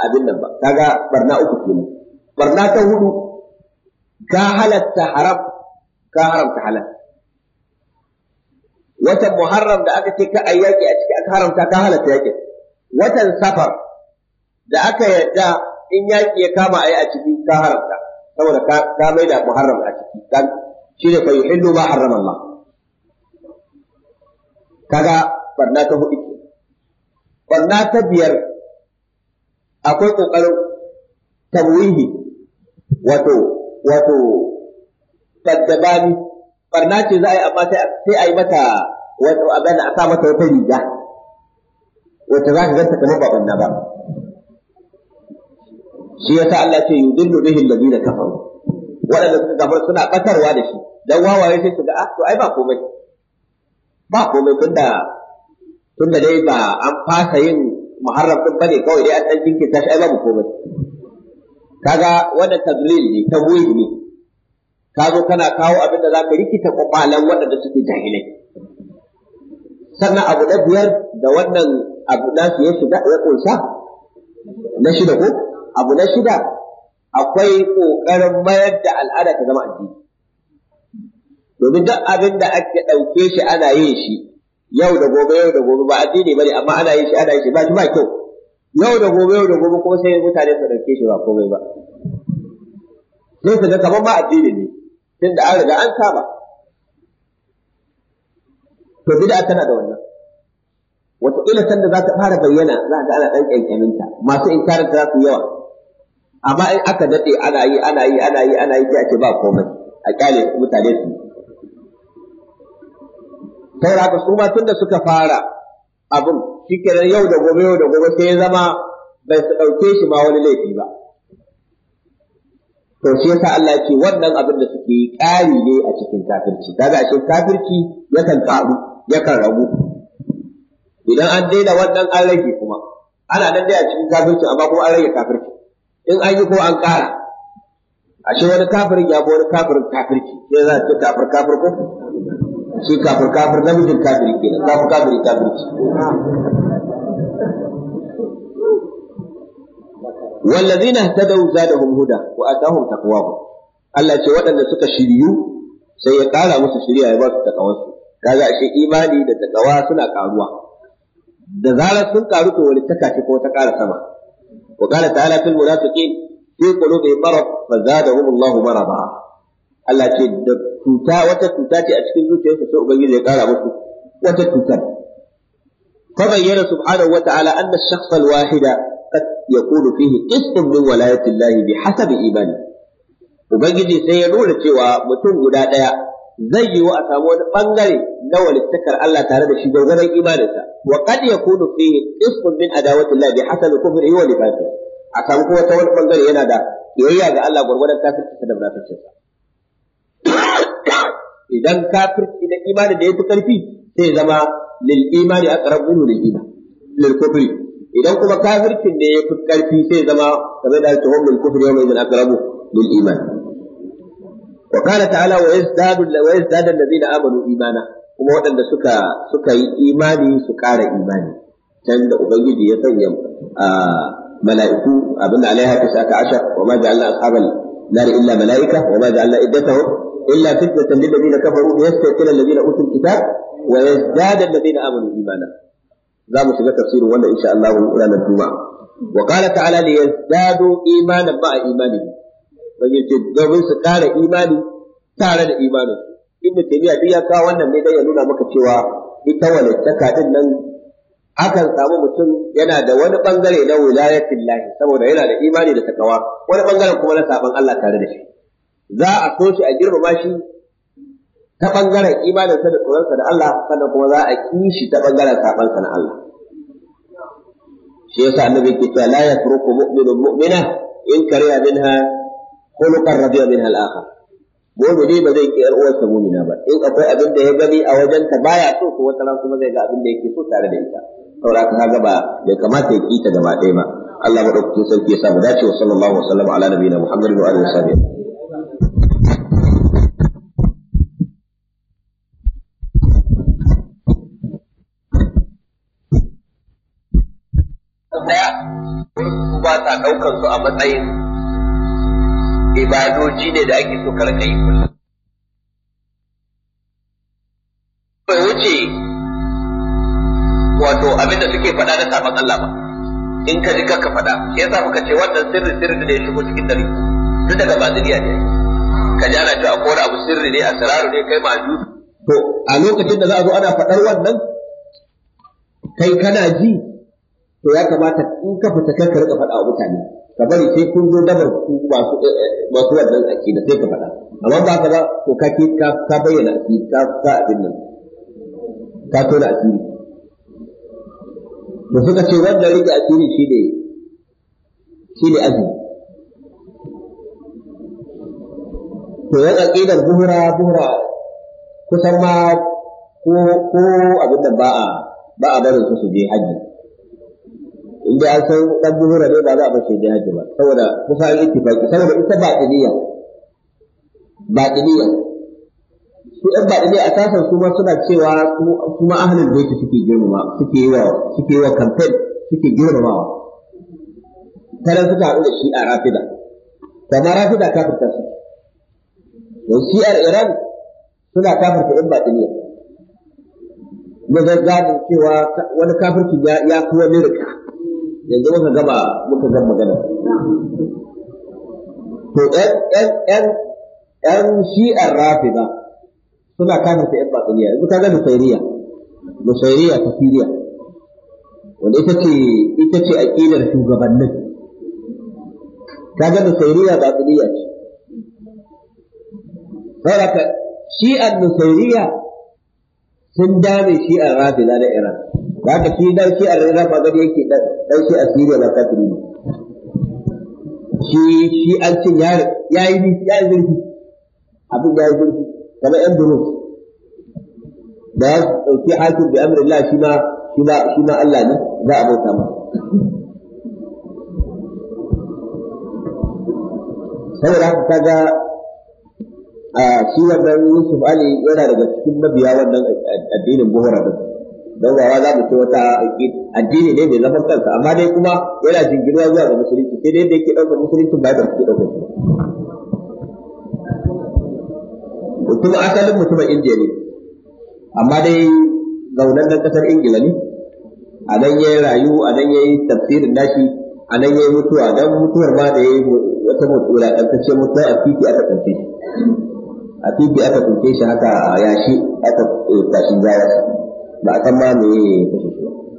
Speaker 2: abin nan ba kaga barna uku kenan barna ta hudu ka halatta haram ka haramta halal watan muharram da aka ce ka a yaƙi a ciki aka haramta ka halatta yaƙin watan safar da aka yarda in yaƙi ya kama a yi a ciki ka haramta saboda ka mai da muharram a ciki shi ne fa yuhillu ma harrama Allah kaga barna ta hudu ke barna ta biyar akwai kokarin tabwihi wato wato faddabani barna ce za a yi amma sai a yi mata wato abin a sa mata wata riga wata za ka ganta kamar ba barna ba shi ya yasa Allah ce yudillu bihi alladhina kafaru waɗanda suka gafar suna batarwa da shi dan wawaye sai su ga ah to ai ba komai ba komai tunda tunda dai ba an fasa yin muharram din bane kawai dai an dan jinkirta shi ai ba komai kaga wannan tadlil ne tawhid ne ka zo kana kawo abin da ka rikita kwakwalen waɗanda suke jahilai sannan abu na biyar da wannan abu nasu ya shiga ya ƙunsa, na shida ko abu na shida akwai ƙoƙarin mayar da al'ada ta zama addini domin duk abin da ake ɗauke shi ana yin shi yau da gobe yau da gobe ba addini bane amma ana yin shi ana yin shi ba shi ba kyau yau da gobe yau da gobe kuma sai mutane su ɗauke shi ba komai ba sai su ga kamar ma addini ne tunda an riga an kama to bid'a tana da wannan wataƙila sanda za ta fara bayyana za ga ana ɗan ƙyanƙyaminta masu inkarin za su yawa amma in aka daɗe ana yi ana yi ana yi ana yi sai a ce ba komai a ƙyale mutane su yi. haka su ma tunda suka fara abin shikenan yau da gobe yau da gobe sai ya zama bai su ɗauke shi ma wani laifi ba to shi yasa Allah ya ce wannan abin da suke yi ƙari ne a cikin kafirci kaga shi kafirci yakan karu yakan rabu. idan an daina wannan an rage kuma ana nan dai a cikin kafirci amma kuma an rage kafirci in an yi ko an ƙara shi wani kafirin ya wani kafirin kafirci sai za ce kafir kafir ko shi kafir kafir namijin kafiri kenan kafir kafiri kafirci na da tadau zadahum a wa atahum taqwahum Allah ce waɗanda suka shiryu sai ya ƙara musu shirya ya ba su takawarsu kaga ashe imani da takawa suna karuwa da zarar sun karu to wani taka ce ko ta ƙara sama wa qala ta'ala fil munafiqin fi qulubihim marad fa zadahum Allahu marada Allah ce da cuta wata cuta ce a cikin zuciyarsu sai ubangiji ya ƙara musu wata cutar fa bayyana subhanahu wa ta'ala anna ash-shakhs al-wahida قد يكون فيه قسط من ولاية الله بحسب إيمانه Ubangiji sai ya nuna cewa mutum guda ɗaya zai wa a samu wani ɓangare na walittakar Allah tare da shi gwargwaron imaninsa wa ya yakunu fihi ismun min adawati Allah bi hasabi kufrihi wa libasi a samu kuma ta wani ɓangare yana da kiyayya ga Allah gwargwaron kafircinsa da munaficinsa idan kafirci da imanin da ya fi sai zama lil imani aqrabu lil iman lil kufri idan kuma kafircin ne ya fi ƙarfi sai zama kamar da ake homin kufri yau mai zan akarabu lil iman wa kana ta'ala wa yazdadu wa yazdadu allazina amanu imana kuma waɗanda suka suka yi imani su ƙara imani can da ubangiji ya sanya mala'iku abin da alaiha ta saka ashar wa ma ja'alna ashabal nari illa mala'ika wa ma ja'alna iddatahum illa fitnatan lil ladina kafaru liyastaqila alladina utul kitab wa yazdada alladina amanu imana za mu shiga tafsirin wanda insha Allah ranar juma'a wa qala ta'ala li yazdadu imanan ma'a imani ban yace domin su kara imani tare da imanin ibnu taymiya duk ya kawo wannan ne dan ya nuna maka cewa ita walittaka din nan akan samu mutum yana da wani bangare na wilayatin lahi saboda yana da imani da takawa wani bangaren kuma na saban Allah tare da shi za a so shi a girmama shi ta bangaren imaninsa da tsoronsa da Allah sannan kuma za a kishi ta bangaren sa na Allah shi yasa annabi yake cewa la yafruqu mu'minun mu'mina in kariya minha khuluqan radiya minha al-akhar ne ba zai ki yar uwarsa mu'mina ba in akwai abin da ya gani a wajen ta baya so ko wata ran kuma zai ga abin da yake so tare da ita saboda haka kaga ba bai kamata ya kita gaba ɗaya ba Allah madaukakin sauki ya sa mu dace wa sallallahu alaihi wa sallam ala nabiyina Muhammad wa alihi wa sahbihi ɗaukan su a matsayin ibadoji ne da ake so karka yi kullum. Bai wuce wato abin da suke faɗa na saman Allah ba, in ka ji ka faɗa, ya sa muka ce wannan sirri sirri da ya shigo cikin dare, Duk daga baziliya ne. Ka ji ana cewa akwai abu sirri ne, a sararu ne, kai maju. To, a lokacin da za a zo ana faɗar wannan, kai kana ji, to ya kamata in ka fita kai ka rika faɗa wa mutane ka bari sai kun zo dabar ku masu eh, masu wannan akida sai ka faɗa amma ba ka ba to ka ke ka bayyana asiri ka ka abin nan ka da asiri to suka ce wannan rike asiri shine shine azumi to yan aqidar buhura buhura kusan ma ko ko abin da ba a ba a barin su su je hajji in dai an san dan buhura ne ba za a bace jihadi ba saboda kusa ita ittifaqi saboda ita ba diniya ba diniya su ɗan ba diniya asasan su ma suna cewa kuma ahalin baiti suke girmama suke yi wa suke yi wa campaign suke girmamawa tare suka haɗu da shi a rafida kamar rafida kafirta su don shi a iran suna kafirta ɗan ba diniya na zazzabin cewa wani kafirci ya fi wani rika yanzu muka gaba muka zan magana to ‘yan shi'ar rafi ba suna ta ‘yan batsiriya yanzu kaga nusairiya nusairiya ta siriya wanda ita ce ita ce aƙidar shugabannin kaga nusairiya batsiriya ce sauraka shi'ar nusairiya sun dame shi'ar rafi na iran da ka shi dan shi a rarra ba gari yake dan shi a siriya ba kafiri ne shi shi an ce ya yi ya yi zurfi abin ya yi zurfi kamar yan duru da ya ɗauki hakim bi amrillah shi ma shi ma shi ma Allah ne za a bauta ma saboda haka kaga a shi wannan Yusuf Ali yana daga cikin mabiya wannan addinin Buhari. don gawa za ta ce wata addini ne mai zaman kansa amma dai kuma yana jingirwa zuwa ga musulunci sai dai da yake ɗaukar musulunci ba da suke ɗaukar su mutum asalin mutumin indiya ne amma dai zaunan nan ƙasar ingila ne a nan ya yi rayu a nan ya yi tafsirin nashi a nan ya yi mutuwa don mutuwar ma da ya yi wata mutuwa ƙarƙashe mutuwa a titi aka ƙarfe shi a titi aka ƙarfe shi haka yashi aka eh, tashin zayarsa Da aka san ma me ya kashe shi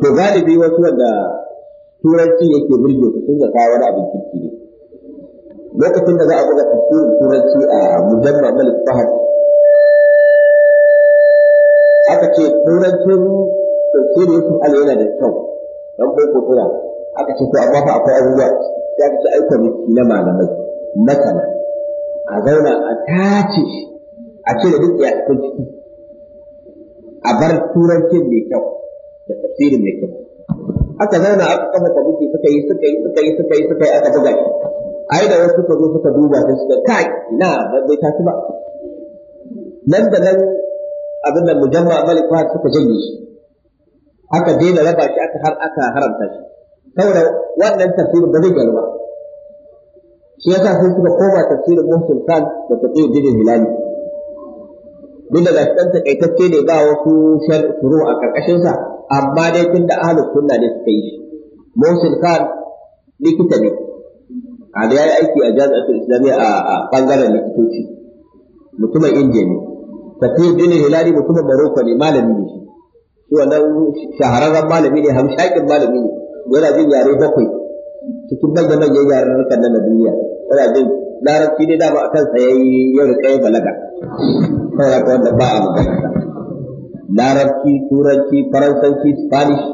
Speaker 2: to galibi wasu wanda turanci yake burge su sun zaka wani abin kirki ne lokacin da za a buga tafsirin turanci a mujamma malik fahad aka ce turancin tafsirin yusuf ali yana da kyau dan boko tura aka ce to amma fa akwai abubuwa ya ka ce aika miki na malamai masana a zauna a tace shi a cire duk ya ta ciki a bar turancin mai kyau da tafsirin mai kyau aka zauna aka kafa kwamiti suka yi suka yi suka yi suka yi suka yi aka buga shi ai da wasu suka zo suka duba sai suka kai ina bai tashi ba nan da nan abin da mujamma malik fahad suka janye shi aka daina raba shi aka har aka haramta shi saboda wannan tafsirin ba zai gyaru ba shi yasa sai suka koma tafsirin muhsin khan da tafsirin dinin hilali duk da gashi ta takaitacce ne ba wasu shuru a ƙarƙashinsa amma dai tun da ahalus sunna da suka yi shi Mohsin Khan likita ne a da yi aiki a jami'atul islamiyya a bangaren likitoci mutumin indiya ne tafi bin hilali mutumin maroko ne malami ne shi wannan shahararren malami ne hamshakin malami ne yana jin yare bakwai cikin manyan manyan yaren nan na duniya yana jin larabci ne dama akan sa yayi da rika balaga wanda ba a magana larabci turanci faransanci spanish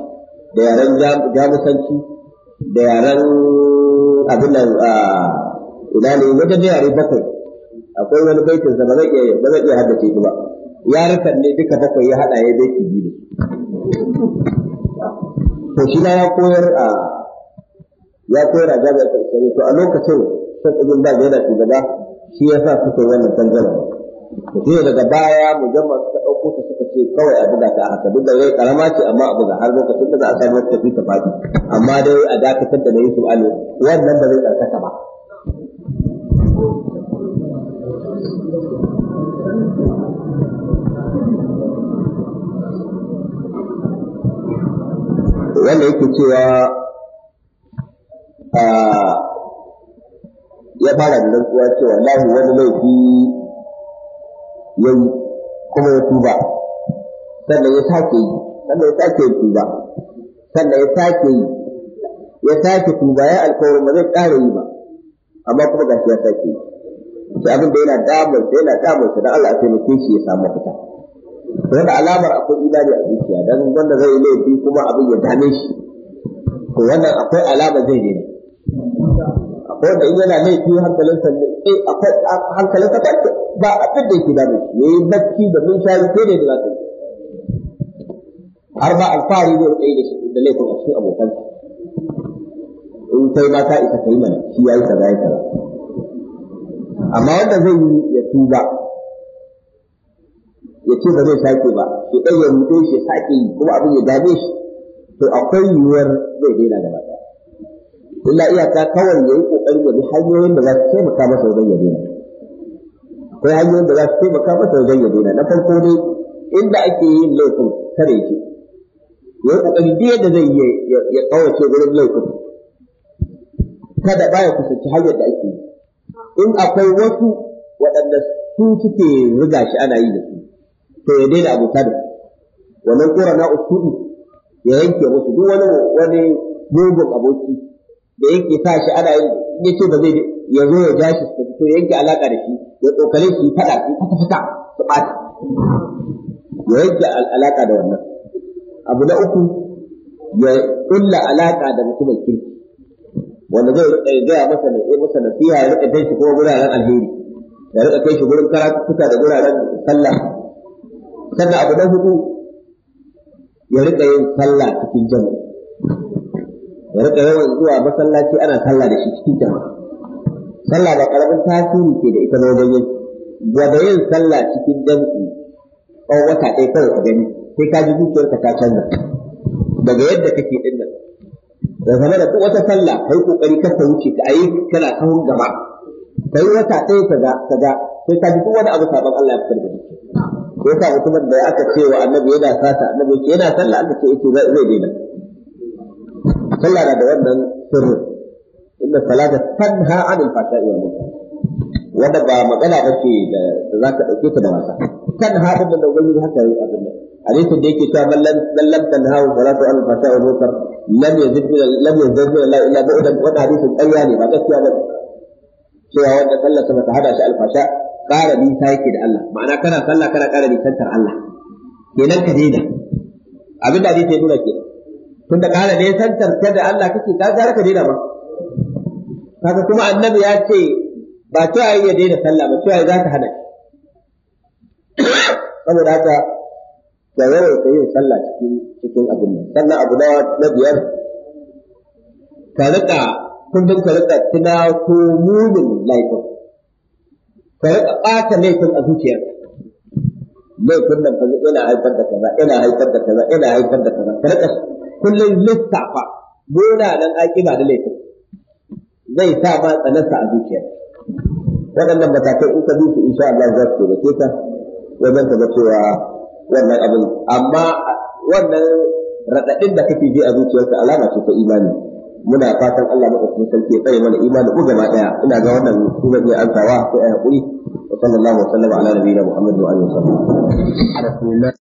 Speaker 2: da yaren jamusanci da yaren abin nan a ina ne wajen da yare bakwai akwai wani baitin sa ba zai iya ba zai iya haddace shi ba yarukan ne duka bakwai ya hada ya baiti biyu to shi na ya koyar a ya koyar a jami'ar islamiyya to a lokacin sai ibn baz yana shugaba shi yasa suka yi wannan tanzara sai daga baya mu mujammal suka ɗauko ta suka ce kawai a buga ta haka duk da wai karama ce amma a buga har lokacin da za a samu wata tafi ta faɗi amma dai a dakatar da na yi su'alu wannan ba zai ɗaukaka ba wanda yake cewa ah, ya fara da nan cewa lahu wani laifi ya yi kuma ya tuba sannan ya sake yi sannan ya sake yi tuba sannan ya sake yi ya sake tuba ya alkawarin ba zai ƙara yi ba amma kuma ga shi ya sake yi sai abin da yana damar sai yana damar sa dan Allah ya taimake shi ya samu fita wanda alamar akwai imani a zuciya dan wanda zai yi laifi kuma abin ya dame shi to wannan akwai alama zai daina wanda in yana laifi hankalinsa ne sai eh, akwai hankalinsa kanta ba abin da yake da mai yayi bacci da mun shayi sai da za ta har ba alfahari zai rike da shi da laifin a cikin abokansa in kai ba ta isa kai mana shi yayi kaza yayi kaza amma wanda zai yi ya tuba ya ce ba zai sake ba ya ɗan ya shi ya sake yi kuma abin ya dame shi to akwai yiwuwar zai daina gaba illa iyaka kawai yayi kokari ya bi hanyoyin da za su taimaka masa wajen ya daina akwai hanyoyin da za su taimaka masa wajen ya daina na farko ne inda ake yin laifin kare shi yayi kokari duk yadda zai yi ya kawace gurin laifin kada baya kusanci hanyar da ake yi in akwai wasu waɗanda su suke riga shi ana yi da su to ya daina abota da wannan wannan na usudu ya yanke musu duk wani wani mugun aboki da yake sa shi ana yin ya ce ba zai ya zo ya ja shi su fito yanke alaƙa da shi ya su shi faɗa su, fata fita su ɓata ya yanke alaƙa da wannan abu na uku ya ƙulla alaƙa da mutumin kirki wanda zai riƙa gaya masa na ya masa fiya ya riƙa kai shi kuma guraren alheri ya riƙa kai shi gurin karatuka da guraren sallah sannan abu na hudu ya riƙa yin sallah cikin jami'a ya rika yawan zuwa masallaci ana sallah da shi cikin jama'a sallah ba karamin tasiri ke da ita wajen yin gwada yin sallah cikin jam'i ko wata ɗaya kawai a gani sai ka ji zuciyarka ta canza daga yadda kake din nan da zama da wata sallah kai kokari ka wuce ka ayi kana sahun gaba kai wata ɗaya ka ga ka ga sai ka ji duk wani abu sabon Allah ya fitar da shi ko yasa mutumin da aka ce wa annabi yana sata annabi yana sallah aka ce yace zai daina sallah na da wannan sirrin inna salata tanha anil fahsha'i wal munkar wanda ba magana ba ce da za ka ɗauke ta da wasa tanha din da ubangiji haka yi abin nan hadisin da yake cewa mallan lam tanhahu salatu anil fahsha'i wal munkar lam yazid lam yazid la illa bu'dan wannan hadisin ƙarya ne ba gaskiya ba cewa wanda sallar sama ta hada shi alfasha ƙara nisa yake da Allah ma'ana kana sallah kana ƙara nisantar Allah kenan ka daina abin da hadisi ya nuna kenan tunda kala ƙara ne tarke da Allah kake ka gara ka daina ba kaga kuma annabi ya ce ba to ayi ya daina sallah ba to ayi za ta hana saboda haka da yawa ta yi sallah cikin cikin abin nan sannan abu na biyar ka rika kundin ka rika tuna ko munin laifin ka rika ɓata laifin a zuciyarka laifin nan fa ina haifar da kaza ina haifar da kaza ina haifar da kaza ka rika kullum lissafa aiki ba da laifin zai sa ma tsanarsa a zuciya waɗannan matakai in ka bi su insha Allah za su taimake ka wajen ka ga cewa wannan abin amma wannan raɗaɗin da kake ji a zuciyarka alama ce ta imani muna fatan Allah kuma sarki ya tsaye mana imani ku gaba daya ina ga wannan su zan iya antawa sai a hakuri wa sallallahu alaihi wa sallam ala nabiyina muhammadin wa alihi wa
Speaker 3: sallam